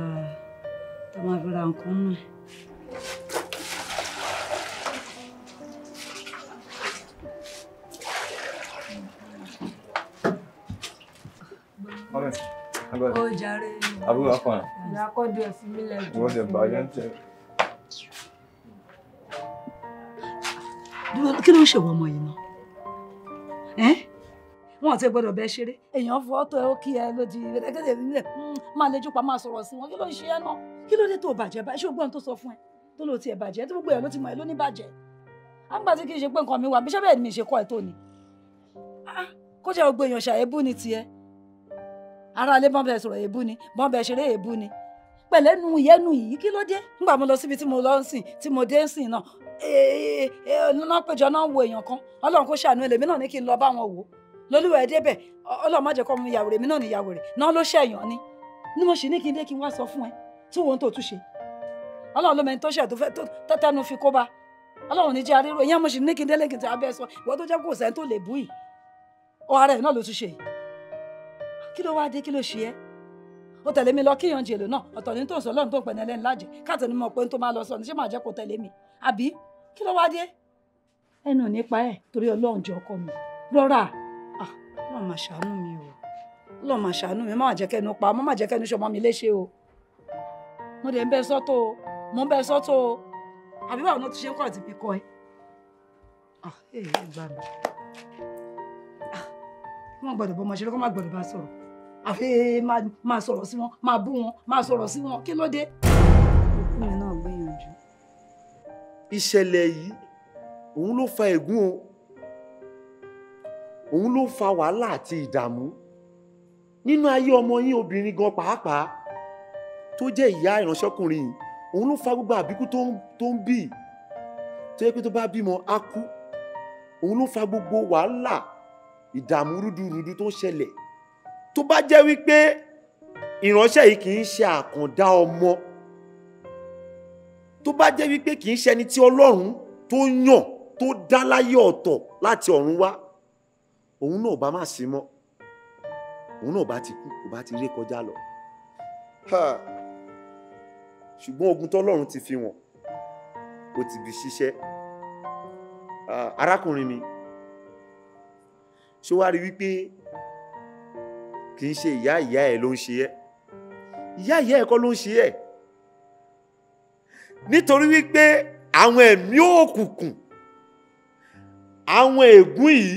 tá a máa fi ra nǹkan nù ẹ̀. Mami, agbára. Ó jàre. Àbúrò afọ̀nà. Ìyá akọ́dù ẹ̀ fún mi lẹ́jọ́. Wọ́n ti bàjẹ́ ń kí ló ń ṣèwọ ọmọ yìí náà? wọn ti gbọdọ̀ bẹ ṣeré èèyàn fọ ọtọ ó kí ẹ lójì gẹgẹdẹ nílẹ̀ hmm, máa lẹjú pa máa sọ̀rọ̀ sí wọn kí ló ń ṣe ẹ náà kí ló dé tó bàjẹ́ báyìí ṣé o gbọ́n tó sọ fún ẹ tó lò tiẹ̀ bàjẹ́ tó gbogbo ẹ̀ ló ti mọ̀ ẹ́ ló ní bàjẹ́ à ń gbà tí kì í ṣe pé nǹkan mi wà bíṣẹ́ bẹ́ẹ̀ mi ṣe kọ́ ẹ tó ni ah, kó jẹ́ gbogbo èèyàn ṣàyẹ̀bù ni tiẹ̀ ara alẹ́ bọ́n bẹ́ẹ̀ sọ̀rọ̀ èébú ni bọ́n bẹ́ẹ̀ ṣeré èébú ni pẹ̀lẹ́ nu ìyẹ́nu yìí kí ló dé nígbà mo lọ síbi tí mo lọ ń sìn tí mo dé ń sìn náà eh, eh, eh, náà péjọ náà wo èèyàn kan ọlọ́run kó ṣàánú ẹlẹ́mí náà ní kí n lọ bá wọn wò lolúwa ẹ débẹ̀ ọlọmọdé kọ mu ìyàwó rẹ mi náà ni ìyàwó rẹ náà ló ṣẹyàn ni ni mo ṣe ní kí n dé kí n wá sọ fún ẹ tí wọn tó tún ṣe Ọlọ́run ló mẹni tó ṣe tó tẹnu fi kó bá Ọlọ́run ní jẹ arírò ìyá mo ṣe ní kí n dé lẹkìtì abẹ sọ ìwọ tó jẹ kó sẹ́ni tó lè bú yìí ọ ara ẹ náà ló tún ṣe yìí kí ló wáá dé kí ló ṣe ẹ ó tẹ̀lé mi lọ kíyàn jèlò náà ọ̀tọ̀ ní tòun sọ lọ́run tó pẹ̀lẹ́ lẹ́nu lájẹ káàtì ni mo pe tó máa lọ sọ ní ṣé màá jẹ́ kó tẹ̀lé mi àbí kí ló wáá dé ẹnu nípa ẹ torí Ọlọ́run jẹ́ ọkọ mi rọra Ọlọ́run máa ṣàánú mi o Ọlọ́run máa ṣàánú mi má má jẹ́ kẹ́nu pa má má jẹ́ kẹ́nu ṣọmọ mi léṣe o mo dẹ̀ ń bẹ sọ́tò o mo ń bẹ sọ́tò o àbí báwo ló ti ṣe ń kọ́ àti fi kọ́ ẹ. ẹ ah, eh, ẹ gbà mí ah, kí wọ́n gbọ́dọ̀ bọ́ ọmọ ṣẹlẹ̀ kó má gbọ́dọ̀ bá sọ̀rọ̀ àfi máa sọ̀rọ̀ sí wọn máa bú wọn máa sọ̀rọ̀ sí wọn kí ló dé. ìṣẹ̀lẹ̀ yìí òun ló fa ègún o òun ló fa wàhálà àti ìdààmú nínú ayé ọmọ yín obìnrin gan pàápàá tó jẹ́ ìyá ìránṣẹ́kùnrin yìí òun ló fa gbogbo àbíkú tó ń bì tó yẹ pé tó bá bímọ á kú òun ló fa gbogbo wàhálà ìdààmú rúdurùdu tó ń ṣẹlẹ̀ tó bá jẹ́ wípé ìránṣẹ́ yìí kì í ṣe àkàndá ọmọ tó bá jẹ́ wípé kì í ṣe ẹni tí Ọlọ́run tó yàn tó dá láyé ọ̀tọ̀ láti ọ̀run wá òun náà bá má sí mọ́ òun náà bá ti kú kò bá ti ré kọjá lọ ṣùgbọ́n ogun tọ́lọ́run ti fi wọ̀n ó ti bí ṣiṣẹ́ arákùnrin mi ṣó wá rí wípé kì í ṣe ìyá ìyá ẹ̀ ló ń ṣe ẹ́ ìyá ìyá ẹ̀ kọ́ ló ń ṣe ẹ́ nítorí wípé àwọn ẹ̀mí òkùnkùn àwọn ègún yìí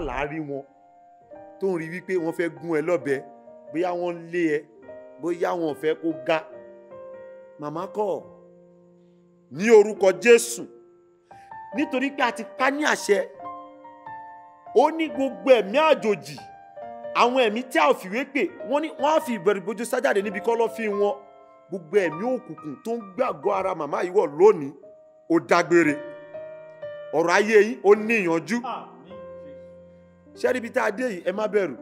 là á rí wọn tó ń rí wípé wọ́n fẹ́ gún ẹ lọ́bẹ bóyá wọ́n lé ẹ bóyá wọ́n fẹ́ kó ga màmá kọ̀ ní orúkọ Jésù nítorí pé a ti ká ní àṣẹ ó ní gbogbo ẹ̀mí àjòjì àwọn ẹ̀mí tí a ò fìwé pè wọ́n ní wọ́n á fi ìbẹ̀rù bojo sájáde níbi kọ́ lọ́ọ́ fi wọn gbogbo ẹ̀mí òkùnkùn tó ń gbàgbọ́ ara màmá yìí wọ̀ lónìí ó dágbére ọ̀rọ̀ ayé yìí ó ní ìyànjú. Ah ṣẹ́rí ibi tá a dé yìí ẹ má bẹ̀rù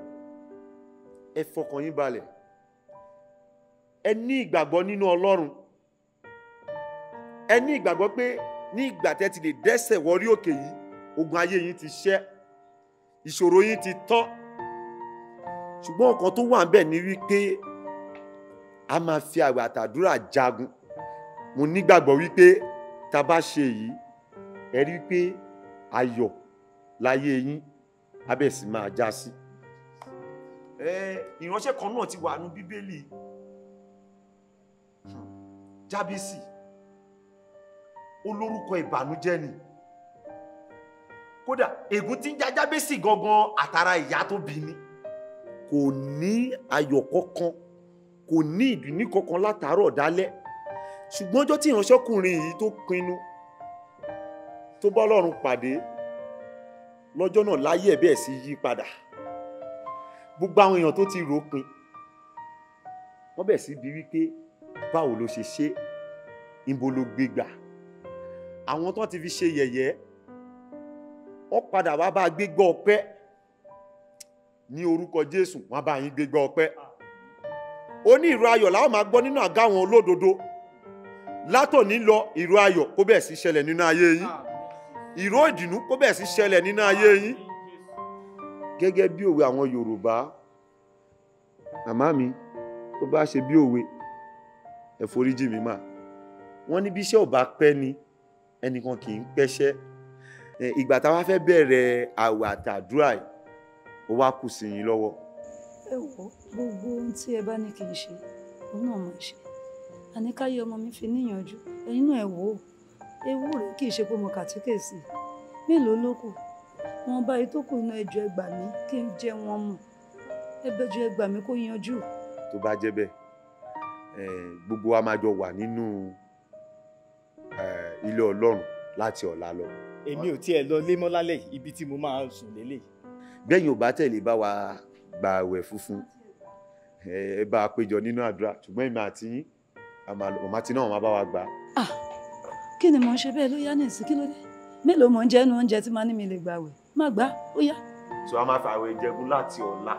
ẹ fọkàn yín balẹ̀ ẹ ní ìgbàgbọ́ nínú ọlọ́run ẹ ní ìgbàgbọ́ pé ní ìgbà tẹ́ ti lè dẹ́sẹ̀ wọrí òkè yìí ogun ayé yín ti ṣẹ́ ìṣòro yín ti tán ṣùgbọ́n nǹkan tó wà níbẹ̀ ni wípé a máa fi àwẹ̀ àtàdúrà jagun mo nígbàgbọ́ wípé tá a bá ṣe èyí ẹ rí i pé ayọ̀ láyé yín abẹ́sì máa já sí. ìránṣẹ́ kan náà ti wà nínú bíbélì jábísì olórúkọ ìbànújẹ́ ni kódà ègún tí ń já jábísì gangan àtàrà ìyá tó bí ni kò ní ayọ̀ kankan kò ní ìdùnnú kankan látàárọ̀ dálẹ́ ṣùgbọ́n ọjọ́ tí ìránṣẹ́kùnrin yìí tó pinnu tó bá Ọlọ́run pàdé lọ́jọ́ náà láyé ẹ̀ bẹ́ẹ̀ sí yí padà gbogbo àwọn èèyàn tó ti rò pin wọ́n bẹ̀ sí bi wípé báwo ló ṣe ṣe ibo ló gbé gbà àwọn tó ti fi ṣe yẹ̀yẹ́ wọ́n padà wá bá gbégbá ọpẹ́ ní orúkọ Jésù wọ́n bá yín gbégbá ọpẹ́ ó ní ìró ayọ̀ láwọn máa gbọ́ nínú àga àwọn olódodo látòní lọ ìró ayọ̀ kó bẹ̀ sí ṣẹlẹ̀ nínú ayé yín. Ah ìró ìdùnnú kó bẹ̀ sí ṣẹlẹ̀ nínú ayé yín gẹ́gẹ́ bí òwe àwọn Yorùbá màmá mi tó bá ṣe bí òwe ẹ mi mà wọ́n ní bí iṣẹ́ ò bá pẹ́ ni ẹnìkan kì í pẹ́ṣẹ́ ìgbà táwa fẹ́ bẹ̀rẹ̀ àwẹ̀ àtàdúrà yìí ó wá kù sí yín lọ́wọ́. ẹ wo gbogbo ohun tí ẹ bá ní kì í ṣe òun náà máa ṣe àníkáyé ọmọ mi fi níyànjú ẹ̀yin náà ẹ wò ó ewúrẹ kì í ṣe pé mo kàtíkèsí mélòó ló kù wọn bá ètò kù iná ẹjọ ẹgbà mi kí n jẹ wọn mọ ẹbẹjọ ẹgbà mi kó yanjú. tó bá jẹ́ bẹ́ẹ̀ gbogbo wa máa jọ wà nínú ilé Ọlọ́run láti ọ̀la lọ. èmi ò tiẹ̀ lọ lé mọ́ lálẹ́ ibi tí mo máa sùn lélẹ̀. gbẹ̀yìn ò bá tẹ̀lé bá wa gba àwẹ̀ funfun ẹ bá a péjọ nínú àdúrà ṣùgbọ́n èmi àti yín màmá tí náà máa bá wa gbà kí ni mò ń ṣe bẹ́ẹ̀ ló yá ní ìsìn kí ló dé mélòó mò ń jẹ́ nu oúnjẹ tí máa ní mi lè gbà wẹ̀ má gbà ó yá. sọ a máa fi àwẹ̀ ìjẹgun láti ọ̀la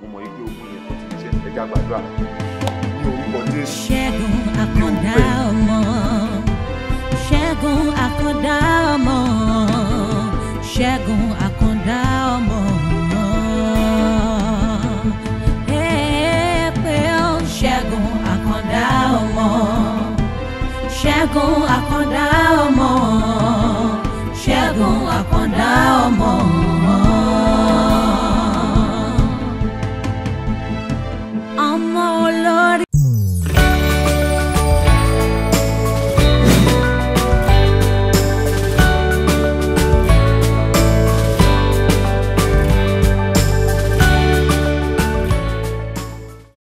mo mọ̀ ike ogun yẹn tó ti ṣe ẹja gbàdúrà ní orúkọ Jésù. ṣẹ́gun àkọ́dá ọmọ ṣẹ́gun àkọ́dá ọmọ ṣẹ́gun àkọ́dá ọmọ. ṣẹ́gun àkọ́dá ọmọ ṣẹ́gun àkọ́dá ọmọ àkàndá ọmọ ṣẹ́gun àkàndá ọmọ.